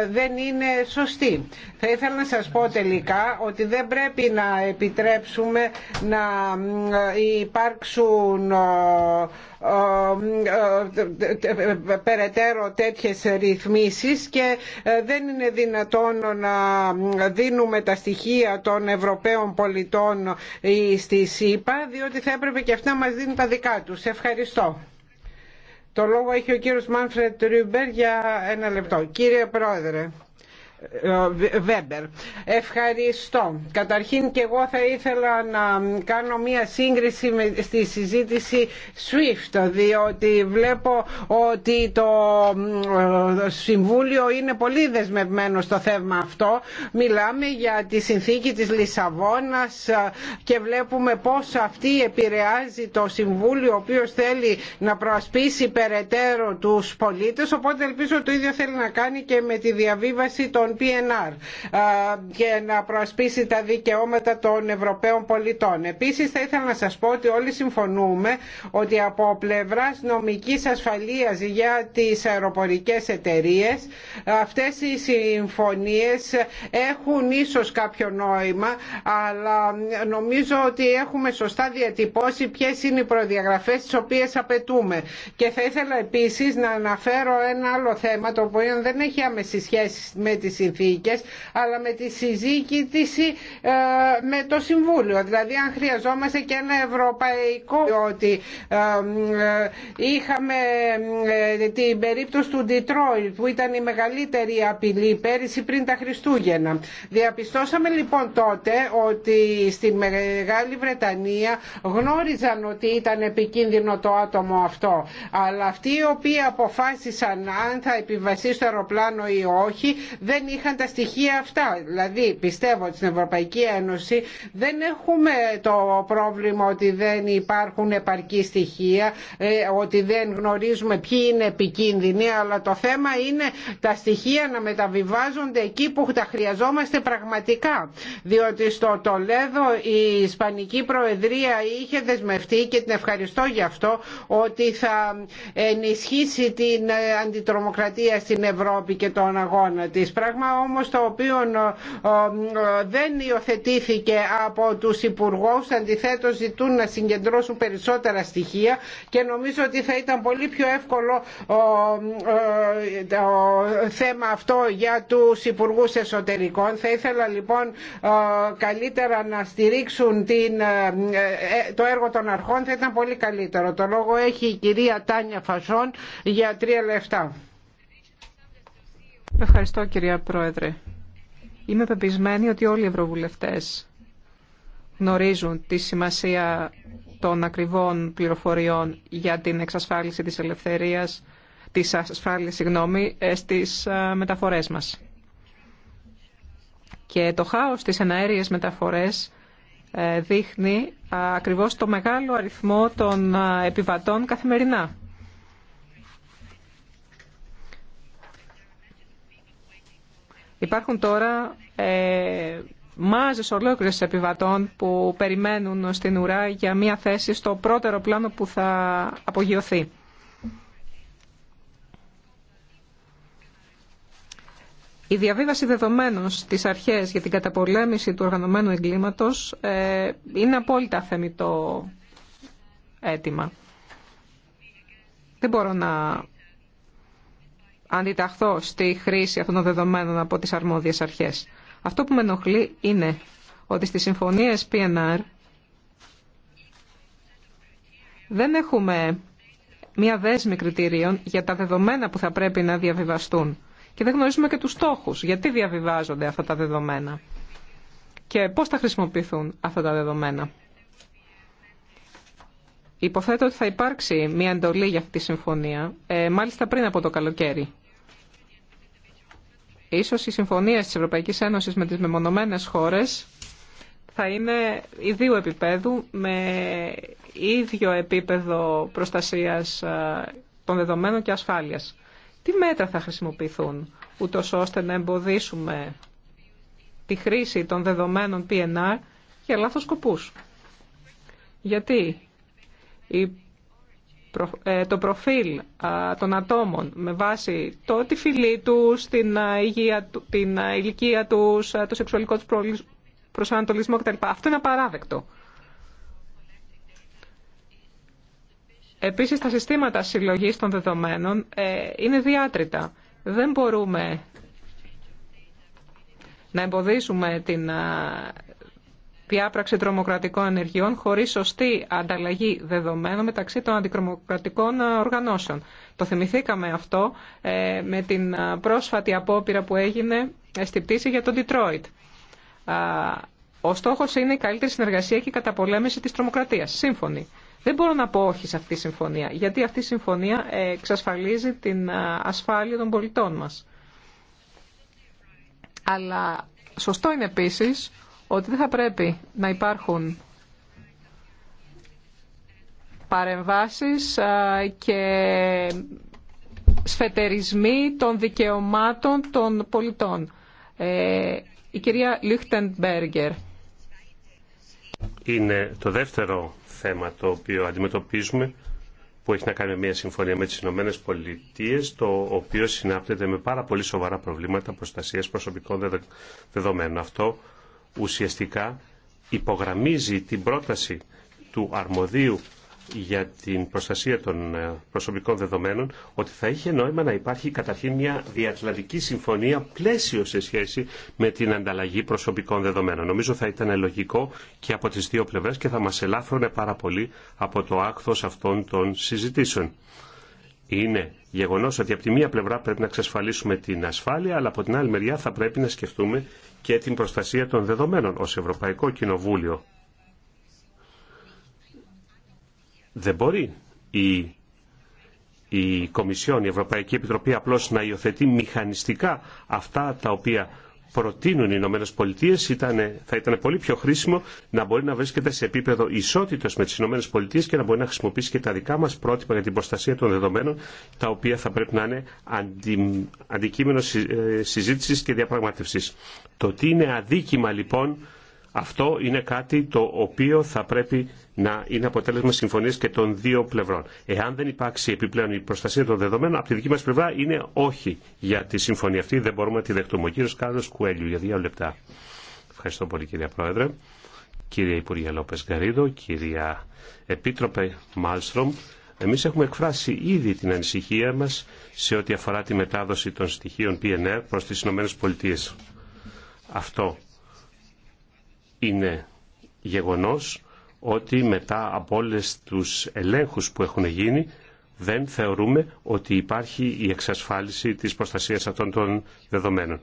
ε, δεν είναι σωστή. Θα ήθελα να σας πω τελικά ότι δεν πρέπει να επιτρέψουμε να ε, υπάρξουν ε, περαιτέρω τέτοιες ρυθμίσεις και δεν είναι δυνατόν να δίνουμε τα στοιχεία των Ευρωπαίων πολιτών στη ΣΥΠΑ διότι θα έπρεπε και αυτά μας δίνουν τα δικά τους. Ευχαριστώ. Το λόγο έχει ο κύριος Μάνφρετ Ρούμπερ για ένα λεπτό. Κύριε Πρόεδρε. Ε, Βέμπερ. Ευχαριστώ. Καταρχήν και εγώ θα ήθελα να κάνω μία σύγκριση με, στη συζήτηση SWIFT διότι βλέπω ότι το ε, Συμβούλιο είναι πολύ δεσμευμένο στο θέμα αυτό. Μιλάμε για τη συνθήκη της Λισαβόνας ε, και βλέπουμε πώς αυτή επηρεάζει το Συμβούλιο ο οποίος θέλει να προασπίσει περαιτέρω τους πολίτες οπότε ελπίζω το ίδιο θέλει να κάνει και με τη διαβίβαση των και να προασπίσει τα δικαιώματα των Ευρωπαίων πολιτών. Επίσης θα ήθελα να σας πω ότι όλοι συμφωνούμε ότι από πλευράς νομικής ασφαλείας για τις αεροπορικές εταιρείες αυτές οι συμφωνίες έχουν ίσως κάποιο νόημα αλλά νομίζω ότι έχουμε σωστά διατυπώσει ποιες είναι οι προδιαγραφές τις οποίες απαιτούμε. Και θα ήθελα επίσης να αναφέρω ένα άλλο θέμα το οποίο δεν έχει άμεση σχέση με τη συνθήκες αλλά με τη συζήτηση ε, με το Συμβούλιο. Δηλαδή αν χρειαζόμαστε και ένα ευρωπαϊκό ότι ε, ε, είχαμε την περίπτωση του Ντιτρόιτ που ήταν η μεγαλύτερη απειλή πέρυσι πριν τα Χριστούγεννα. Διαπιστώσαμε λοιπόν τότε ότι στη Μεγάλη Βρετανία γνώριζαν ότι ήταν επικίνδυνο το άτομο αυτό. Αλλά αυτοί οι οποίοι αποφάσισαν αν θα επιβασίσει στο αεροπλάνο ή όχι δεν είχαν τα στοιχεία αυτά. Δηλαδή πιστεύω ότι στην Ευρωπαϊκή Ένωση δεν έχουμε το πρόβλημα ότι δεν υπάρχουν επαρκή στοιχεία, ε, ότι δεν γνωρίζουμε ποιοι είναι επικίνδυνοι, αλλά το θέμα είναι τα στοιχεία να μεταβιβάζονται εκεί που τα χρειαζόμαστε πραγματικά. Διότι στο Τολέδο η Ισπανική Προεδρία είχε δεσμευτεί και την ευχαριστώ για αυτό ότι θα ενισχύσει την ε, αντιτρομοκρατία στην Ευρώπη και τον αγώνα της πράγμα όμως το οποίο ε, ε, δεν υιοθετήθηκε από τους υπουργούς αντιθέτως ζητούν να συγκεντρώσουν περισσότερα στοιχεία και νομίζω ότι θα ήταν πολύ πιο εύκολο ε, το θέμα αυτό για τους υπουργούς εσωτερικών θα ήθελα λοιπόν καλύτερα να στηρίξουν την, το έργο των αρχών θα ήταν πολύ καλύτερο το λόγο έχει η κυρία Τάνια Φασόν για τρία λεφτά Ευχαριστώ κυρία Πρόεδρε. Είμαι πεπισμένη ότι όλοι οι ευρωβουλευτές γνωρίζουν τη σημασία των ακριβών πληροφοριών για την εξασφάλιση της ελευθερίας, της ασφάλισης συγγνώμη, ε, στις ε, μεταφορές μας. Και το χάος της εναέριες μεταφορές ε, δείχνει ακριβώς το μεγάλο αριθμό των επιβατών καθημερινά. Υπάρχουν τώρα ε, μάζες ολόκληρες επιβατών που περιμένουν στην ουρά για μια θέση στο πρώτερο πλάνο που θα απογειωθεί. Η διαβίβαση δεδομένων στις αρχές για την καταπολέμηση του οργανωμένου εγκλήματος ε, είναι απόλυτα θεμητό αίτημα. Δεν μπορώ να αντιταχθώ στη χρήση αυτών των δεδομένων από τις αρμόδιες αρχές. Αυτό που με ενοχλεί είναι ότι στις συμφωνίες PNR δεν έχουμε μία δέσμη κριτηρίων για τα δεδομένα που θα πρέπει να διαβιβαστούν. Και δεν γνωρίζουμε και τους στόχους. Γιατί διαβιβάζονται αυτά τα δεδομένα και πώς θα χρησιμοποιηθούν αυτά τα δεδομένα. Υποθέτω ότι θα υπάρξει μια εντολή για αυτή τη συμφωνία, ε, μάλιστα πριν από το καλοκαίρι. Ίσως οι συμφωνία της Ευρωπαϊκής Ένωσης με τις μεμονωμένες χώρες θα είναι ιδίου επίπεδου με ίδιο επίπεδο προστασίας ε, των δεδομένων και ασφάλειας. Τι μέτρα θα χρησιμοποιηθούν, ούτω ώστε να εμποδίσουμε τη χρήση των δεδομένων PNR για λάθος σκοπούς. Γιατί ε, το προφίλ των ατόμων με βάση το τη φυλή τους, την, υγεία, την ηλικία τους, το σεξουαλικό τους προσανατολισμό κτλ. Αυτό είναι απαράδεκτο. Επίσης, τα συστήματα συλλογής των δεδομένων ε, είναι διάτρητα. Δεν μπορούμε να εμποδίσουμε την διάπραξη τρομοκρατικών ενεργειών χωρίς σωστή ανταλλαγή δεδομένων μεταξύ των αντικρομοκρατικών οργανώσεων. Το θυμηθήκαμε αυτό ε, με την πρόσφατη απόπειρα που έγινε ε, στη πτήση για τον Detroit. Ο στόχος είναι η καλύτερη συνεργασία και η καταπολέμηση της τρομοκρατίας. Σύμφωνοι. Δεν μπορώ να πω όχι σε αυτή τη συμφωνία, γιατί αυτή η συμφωνία εξασφαλίζει την ασφάλεια των πολιτών μας. Αλλά σωστό είναι επίσης ότι δεν θα πρέπει να υπάρχουν παρεμβάσεις και σφετερισμοί των δικαιωμάτων των πολιτών. Ε, η κυρία Λίχτενμπέργκερ. Είναι το δεύτερο θέμα το οποίο αντιμετωπίζουμε που έχει να κάνει με μια συμφωνία με τις Ηνωμένε Πολιτείε, το οποίο συνάπτεται με πάρα πολύ σοβαρά προβλήματα προστασίας προσωπικών δεδομένων. Αυτό ουσιαστικά υπογραμμίζει την πρόταση του αρμοδίου για την προστασία των ε, προσωπικών δεδομένων ότι θα είχε νόημα να υπάρχει καταρχήν μια διατλαντική συμφωνία πλαίσιο σε σχέση με την ανταλλαγή προσωπικών δεδομένων. Νομίζω θα ήταν λογικό και από τις δύο πλευρές και θα μας ελάφρωνε πάρα πολύ από το άκθος αυτών των συζητήσεων. Είναι γεγονός ότι από τη μία πλευρά πρέπει να εξασφαλίσουμε την ασφάλεια αλλά από την άλλη μεριά θα πρέπει να σκεφτούμε και την προστασία των δεδομένων ως Ευρωπαϊκό Κοινοβούλιο. Δεν μπορεί η, η Κομισιόν, η Ευρωπαϊκή Επιτροπή απλώς να υιοθετεί μηχανιστικά αυτά τα οποία προτείνουν οι Ηνωμένε Πολιτείε θα ήταν πολύ πιο χρήσιμο να μπορεί να βρίσκεται σε επίπεδο ισότητα με τι Ηνωμένε Πολιτείε και να μπορεί να χρησιμοποιήσει και τα δικά μα πρότυπα για την προστασία των δεδομένων, τα οποία θα πρέπει να είναι αντι, αντικείμενο ε, συζήτηση και διαπραγματευσή. Το τι είναι αδίκημα λοιπόν αυτό είναι κάτι το οποίο θα πρέπει να είναι αποτέλεσμα συμφωνία και των δύο πλευρών. Εάν δεν υπάρξει επιπλέον η προστασία των δεδομένων, από τη δική μας πλευρά είναι όχι για τη συμφωνία αυτή. Δεν μπορούμε να τη δεχτούμε. Ο κύριο Κάρδο Κουέλιου για δύο λεπτά. Ευχαριστώ πολύ κύριε Πρόεδρε. Κύριε Υπουργέ Λόπε Γκαρίδο, κυρία Επίτροπε Μάλστρομ, εμεί έχουμε εκφράσει ήδη την ανησυχία μα σε ό,τι αφορά τη μετάδοση των στοιχείων PNR προ τι ΗΠΑ. Αυτό είναι γεγονός ότι μετά από όλες τους ελέγχους που έχουν γίνει δεν θεωρούμε ότι υπάρχει η εξασφάλιση της προστασίας αυτών των δεδομένων.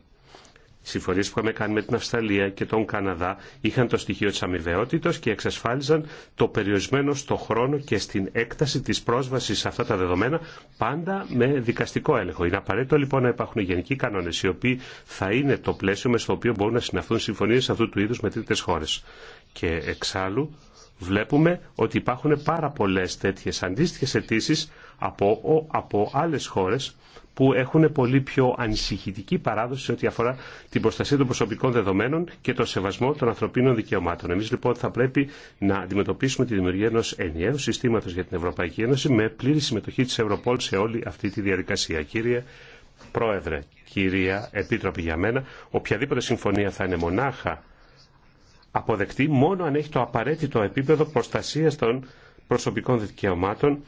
Οι συμφωνίε που είχαμε κάνει με την Αυστραλία και τον Καναδά είχαν το στοιχείο τη αμοιβαιότητα και εξασφάλιζαν το περιορισμένο στο χρόνο και στην έκταση της πρόσβασης σε αυτά τα δεδομένα, πάντα με δικαστικό έλεγχο. Είναι απαραίτητο λοιπόν να υπάρχουν γενικοί κανόνες οι οποίοι θα είναι το πλαίσιο με στο οποίο μπορούν να συναυθούν συμφωνίε αυτού του είδου με τρίτε χώρε. Και εξάλλου, βλέπουμε ότι υπάρχουν πάρα πολλέ τέτοιε αντίστοιχε αιτήσει από, από άλλες χώρες που έχουν πολύ πιο ανησυχητική παράδοση ό,τι αφορά την προστασία των προσωπικών δεδομένων και το σεβασμό των ανθρωπίνων δικαιωμάτων. Εμεί λοιπόν θα πρέπει να αντιμετωπίσουμε τη δημιουργία ενό ενιαίου συστήματο για την Ευρωπαϊκή Ένωση με πλήρη συμμετοχή τη Ευρωπόλ σε όλη αυτή τη διαδικασία. Κύριε Πρόεδρε, κυρία Επίτροπη για μένα, οποιαδήποτε συμφωνία θα είναι μονάχα αποδεκτή μόνο αν έχει το απαραίτητο επίπεδο προστασίας των προσωπικών δικαιωμάτων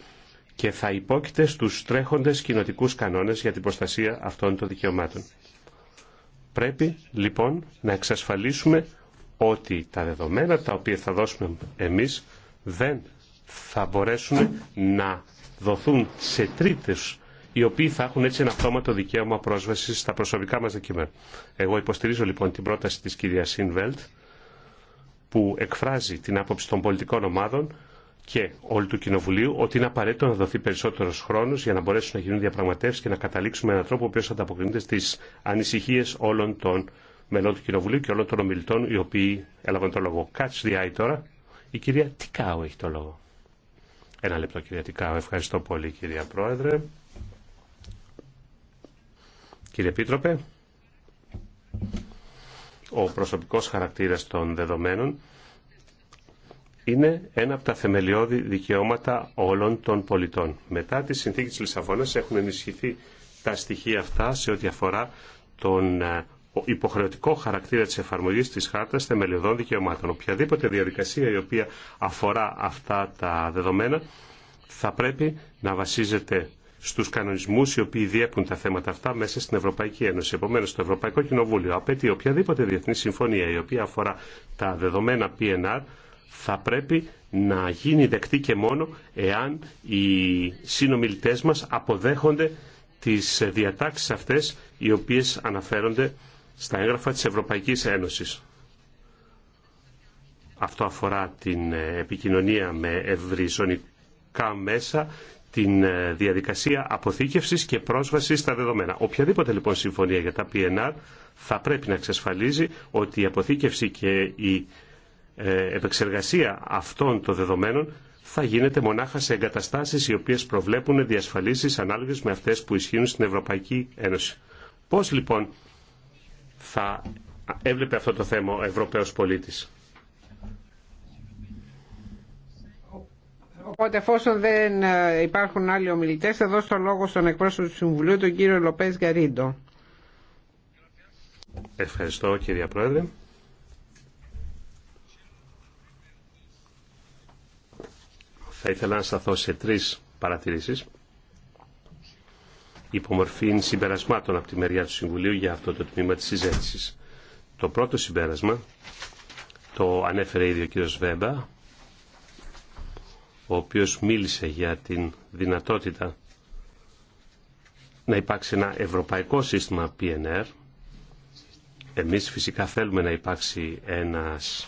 και θα υπόκειται στους τρέχοντες κοινοτικού κανόνες για την προστασία αυτών των δικαιωμάτων. Πρέπει λοιπόν να εξασφαλίσουμε ότι τα δεδομένα τα οποία θα δώσουμε εμείς δεν θα μπορέσουν να δοθούν σε τρίτες οι οποίοι θα έχουν έτσι ένα αυτόματο δικαίωμα πρόσβαση στα προσωπικά μας δεδομένα. Εγώ υποστηρίζω λοιπόν την πρόταση της κυρίας Σινβέλτ που εκφράζει την άποψη των πολιτικών ομάδων και όλου του Κοινοβουλίου ότι είναι απαραίτητο να δοθεί περισσότερο χρόνο για να μπορέσουν να γίνουν διαπραγματεύσει και να καταλήξουμε έναν τρόπο ο οποίο ανταποκρίνεται στι ανησυχίε όλων των μελών του Κοινοβουλίου και όλων των ομιλητών οι οποίοι έλαβαν το λόγο. Κάτσε the τώρα. Η κυρία Τικάου έχει το λόγο. Ένα λεπτό κυρία Τικάου. Ευχαριστώ πολύ κυρία Πρόεδρε. Κύριε Επίτροπε, ο προσωπικός χαρακτήρας των δεδομένων είναι ένα από τα θεμελιώδη δικαιώματα όλων των πολιτών. Μετά τη συνθήκη της Λισαβόνας έχουν ενισχυθεί τα στοιχεία αυτά σε ό,τι αφορά τον ε, υποχρεωτικό χαρακτήρα της εφαρμογής της χάρτας θεμελιωδών δικαιωμάτων. Οποιαδήποτε διαδικασία η οποία αφορά αυτά τα δεδομένα θα πρέπει να βασίζεται στους κανονισμούς οι οποίοι διέπουν τα θέματα αυτά μέσα στην Ευρωπαϊκή Ένωση. Επομένως, το Ευρωπαϊκό Κοινοβούλιο απαιτεί οποιαδήποτε διεθνή συμφωνία η οποία αφορά τα δεδομένα PNR θα πρέπει να γίνει δεκτή και μόνο εάν οι συνομιλητές μας αποδέχονται τις διατάξεις αυτές οι οποίες αναφέρονται στα έγγραφα της Ευρωπαϊκής Ένωσης. Αυτό αφορά την επικοινωνία με ευρυζωνικά μέσα την ε, διαδικασία αποθήκευσης και πρόσβασης στα δεδομένα. Οποιαδήποτε λοιπόν συμφωνία για τα PNR θα πρέπει να εξασφαλίζει ότι η αποθήκευση και η ε, επεξεργασία αυτών των δεδομένων θα γίνεται μονάχα σε εγκαταστάσεις οι οποίες προβλέπουν διασφαλίσεις ανάλογες με αυτές που ισχύουν στην Ευρωπαϊκή Ένωση. Πώς λοιπόν θα έβλεπε αυτό το θέμα ο Ευρωπαίος πολίτης. Οπότε εφόσον δεν ε, υπάρχουν άλλοι ομιλητές θα δώσω το λόγο στον εκπρόσωπο του Συμβουλίου τον κύριο Λοπές Γαρίντο. Ευχαριστώ κύριε Πρόεδρε. Θα ήθελα να σταθώ σε τρεις παρατηρήσεις υπομορφή συμπερασμάτων από τη μεριά του Συμβουλίου για αυτό το τμήμα της συζήτησης. Το πρώτο συμπέρασμα το ανέφερε ήδη ο κύριος Βέμπα ο οποίος μίλησε για την δυνατότητα να υπάρξει ένα ευρωπαϊκό σύστημα PNR. Εμείς φυσικά θέλουμε να υπάρξει ένας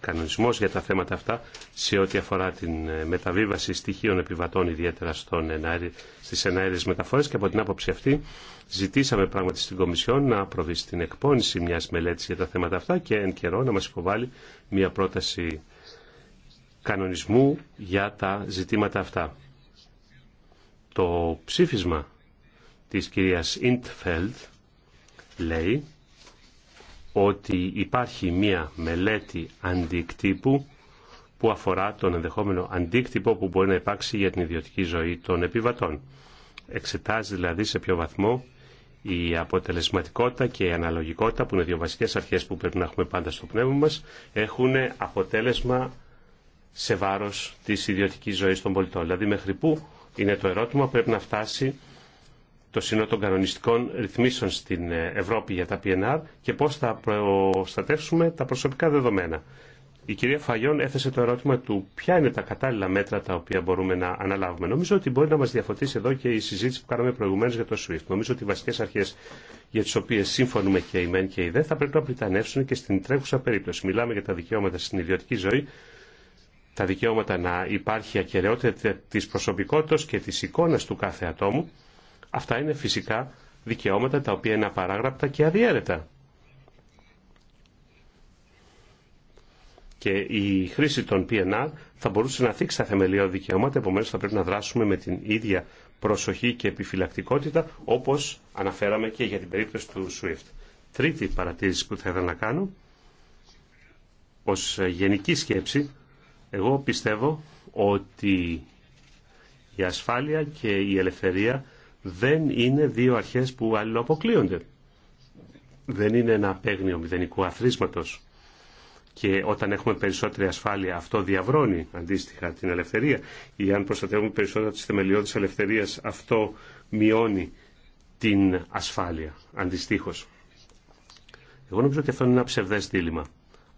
κανονισμός για τα θέματα αυτά σε ό,τι αφορά την ε, μεταβίβαση στοιχείων επιβατών ιδιαίτερα στον ενάρι, στις εναέριες μεταφορές και από την άποψη αυτή ζητήσαμε πράγματι στην Κομισιόν να προβεί στην εκπόνηση μιας μελέτης για τα θέματα αυτά και εν καιρό να μας υποβάλει μια πρόταση κανονισμού για τα ζητήματα αυτά. Το ψήφισμα της κυρίας Ιντφέλτ λέει ότι υπάρχει μία μελέτη αντικτύπου που αφορά τον ενδεχόμενο αντίκτυπο που μπορεί να υπάρξει για την ιδιωτική ζωή των επιβατών. Εξετάζει δηλαδή σε ποιο βαθμό η αποτελεσματικότητα και η αναλογικότητα που είναι δύο βασικές αρχές που πρέπει να έχουμε πάντα στο πνεύμα μας έχουν αποτέλεσμα σε βάρος της ιδιωτικής ζωής των πολιτών. Δηλαδή μέχρι πού είναι το ερώτημα πρέπει να φτάσει το Σύνολο των Κανονιστικών Ρυθμίσεων στην ε, Ευρώπη για τα PNR και πώς θα προστατεύσουμε τα προσωπικά δεδομένα. Η κυρία Φαγιόν έθεσε το ερώτημα του ποια είναι τα κατάλληλα μέτρα τα οποία μπορούμε να αναλάβουμε. Νομίζω ότι μπορεί να μας διαφωτίσει εδώ και η συζήτηση που κάναμε προηγουμένως για το SWIFT. Νομίζω ότι οι βασικές αρχές για τις οποίες σύμφωνουμε και η ΜΕΝ και η ΔΕ θα πρέπει να πριτανεύσουν και στην τρέχουσα περίπτωση. Μιλάμε για τα δικαιώματα στην ιδιωτική ζωή, τα δικαιώματα να υπάρχει ακεραιότητα της προσωπικότητας και της εικόνας του κάθε ατόμου, αυτά είναι φυσικά δικαιώματα τα οποία είναι απαράγραπτα και αδιέρετα. Και η χρήση των PNR θα μπορούσε να θίξει τα θεμελιώδη δικαιώματα, επομένως θα πρέπει να δράσουμε με την ίδια προσοχή και επιφυλακτικότητα, όπως αναφέραμε και για την περίπτωση του SWIFT. Τρίτη παρατήρηση που θα ήθελα να κάνω, ως γενική σκέψη, εγώ πιστεύω ότι η ασφάλεια και η ελευθερία δεν είναι δύο αρχές που αλληλοποκλείονται. Δεν είναι ένα παίγνιο μηδενικού αθρίσματος. Και όταν έχουμε περισσότερη ασφάλεια αυτό διαβρώνει αντίστοιχα την ελευθερία. Ή αν προστατεύουμε περισσότερα τις θεμελιώδεις ελευθερίες αυτό μειώνει την ασφάλεια αντιστοίχως. Εγώ νομίζω ότι αυτό είναι ένα ψευδές δίλημα.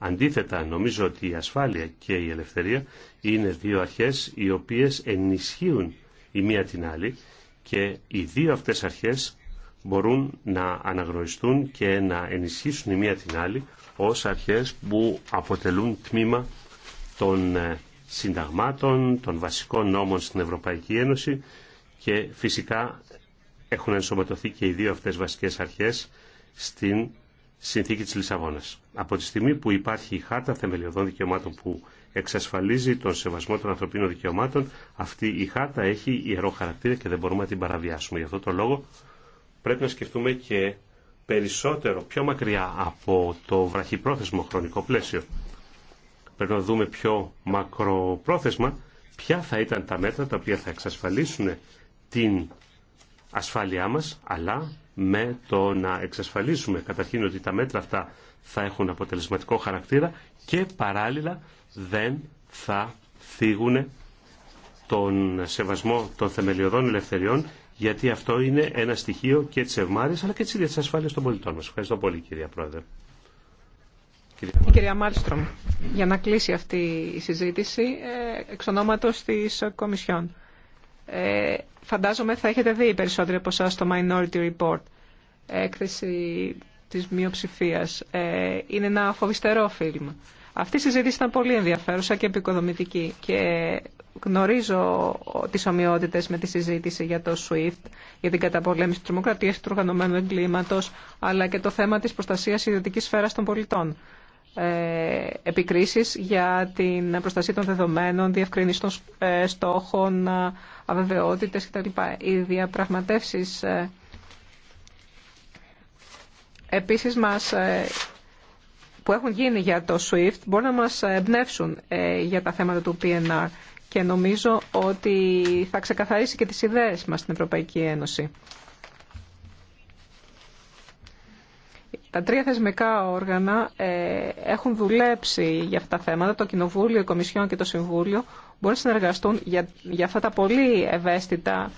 Αντίθετα, νομίζω ότι η ασφάλεια και η ελευθερία είναι δύο αρχές οι οποίες ενισχύουν η μία την άλλη και οι δύο αυτές αρχές μπορούν να αναγνωριστούν και να ενισχύσουν η μία την άλλη ως αρχές που αποτελούν τμήμα των ε, συνταγμάτων, των βασικών νόμων στην Ευρωπαϊκή Ένωση και φυσικά έχουν ενσωματωθεί και οι δύο αυτές βασικές αρχές στην συνθήκη της Λισαβόνας. Από τη στιγμή που υπάρχει η Χάρτα Θεμελιωδών Δικαιωμάτων που εξασφαλίζει τον σεβασμό των ανθρωπίνων δικαιωμάτων, αυτή η Χάρτα έχει ιερό χαρακτήρα και δεν μπορούμε να την παραβιάσουμε. Γι' αυτό το λόγο πρέπει να σκεφτούμε και περισσότερο, πιο μακριά από το βραχυπρόθεσμο χρονικό πλαίσιο. Πρέπει να δούμε πιο μακροπρόθεσμα ποια θα ήταν τα μέτρα τα οποία θα εξασφαλίσουν την ασφάλειά μας, αλλά με το να εξασφαλίσουμε καταρχήν ότι τα μέτρα αυτά θα έχουν αποτελεσματικό χαρακτήρα και παράλληλα δεν θα θίγουν τον σεβασμό των θεμελιωδών ελευθεριών γιατί αυτό είναι ένα στοιχείο και της ευμάρειας αλλά και της ίδιας ασφάλειας των πολιτών μας. Ευχαριστώ πολύ κυρία Πρόεδρε. Η κυρία Μάλστρομ, για να κλείσει αυτή η συζήτηση ε, εξ ονόματος της Κομισιόν. Ε, φαντάζομαι θα έχετε δει περισσότερο από εσά το Minority Report, έκθεση της μειοψηφία. Ε, είναι ένα φοβιστερό φιλμ. Αυτή η συζήτηση ήταν πολύ ενδιαφέρουσα και επικοδομητική και γνωρίζω τις ομοιότητες με τη συζήτηση για το SWIFT, για την καταπολέμηση της τρομοκρατίας, του οργανωμένου εγκλήματος, αλλά και το θέμα της προστασίας ιδιωτικής σφαίρας των πολιτών. Ε, επικρίσεις για την προστασία των δεδομένων, διευκρινής των ε, στόχων, αβεβαιότητες κτλ. Οι διαπραγματεύσεις ε, επίσης μας, ε, που έχουν γίνει για το SWIFT μπορούν να μας εμπνεύσουν ε, για τα θέματα του PNR και νομίζω ότι θα ξεκαθαρίσει και τις ιδέες μας στην Ευρωπαϊκή Ένωση. Τα τρία θεσμικά όργανα έχουν δουλέψει για αυτά τα θέματα, το Κοινοβούλιο, η Κομισιόν και το Συμβούλιο, μπορούν να συνεργαστούν για, για αυτά τα πολύ ευαίσθητα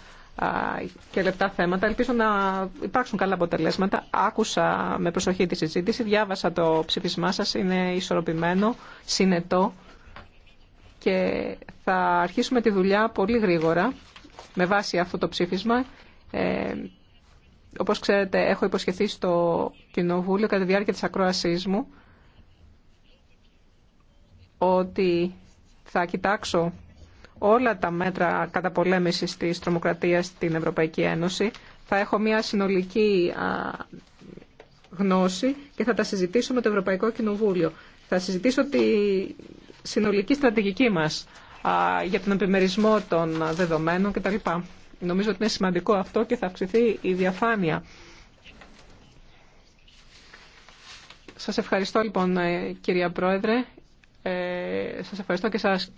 και λεπτά θέματα. Ελπίζω να υπάρξουν καλά αποτελέσματα. Άκουσα με προσοχή τη συζήτηση, διάβασα το ψηφισμά σας, είναι ισορροπημένο, συνετό και θα αρχίσουμε τη δουλειά πολύ γρήγορα με βάση αυτό το ψήφισμα. Ε, όπως ξέρετε, έχω υποσχεθεί στο Κοινοβούλιο κατά τη διάρκεια της ακρόασής μου ότι θα κοιτάξω όλα τα μέτρα καταπολέμησης της τρομοκρατίας στην Ευρωπαϊκή Ένωση. Θα έχω μια συνολική γνώση και θα τα συζητήσω με το Ευρωπαϊκό Κοινοβούλιο. Θα συζητήσω τη συνολική στρατηγική μας για τον επιμερισμό των δεδομένων κτλ. Νομίζω ότι είναι σημαντικό αυτό και θα αυξηθεί η διαφάνεια. Σας ευχαριστώ λοιπόν ε, κυρία Πρόεδρε ε, σας ευχαριστώ και σας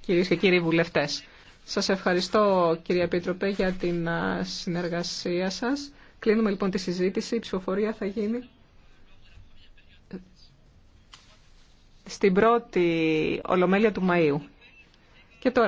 κυρίες και κύριοι βουλευτές. Σας ευχαριστώ κύριε Επίτροπε για την συνεργασία σας. Κλείνουμε λοιπόν τη συζήτηση. Η ψηφοφορία θα γίνει ε, στην πρώτη Ολομέλεια του Μαΐου.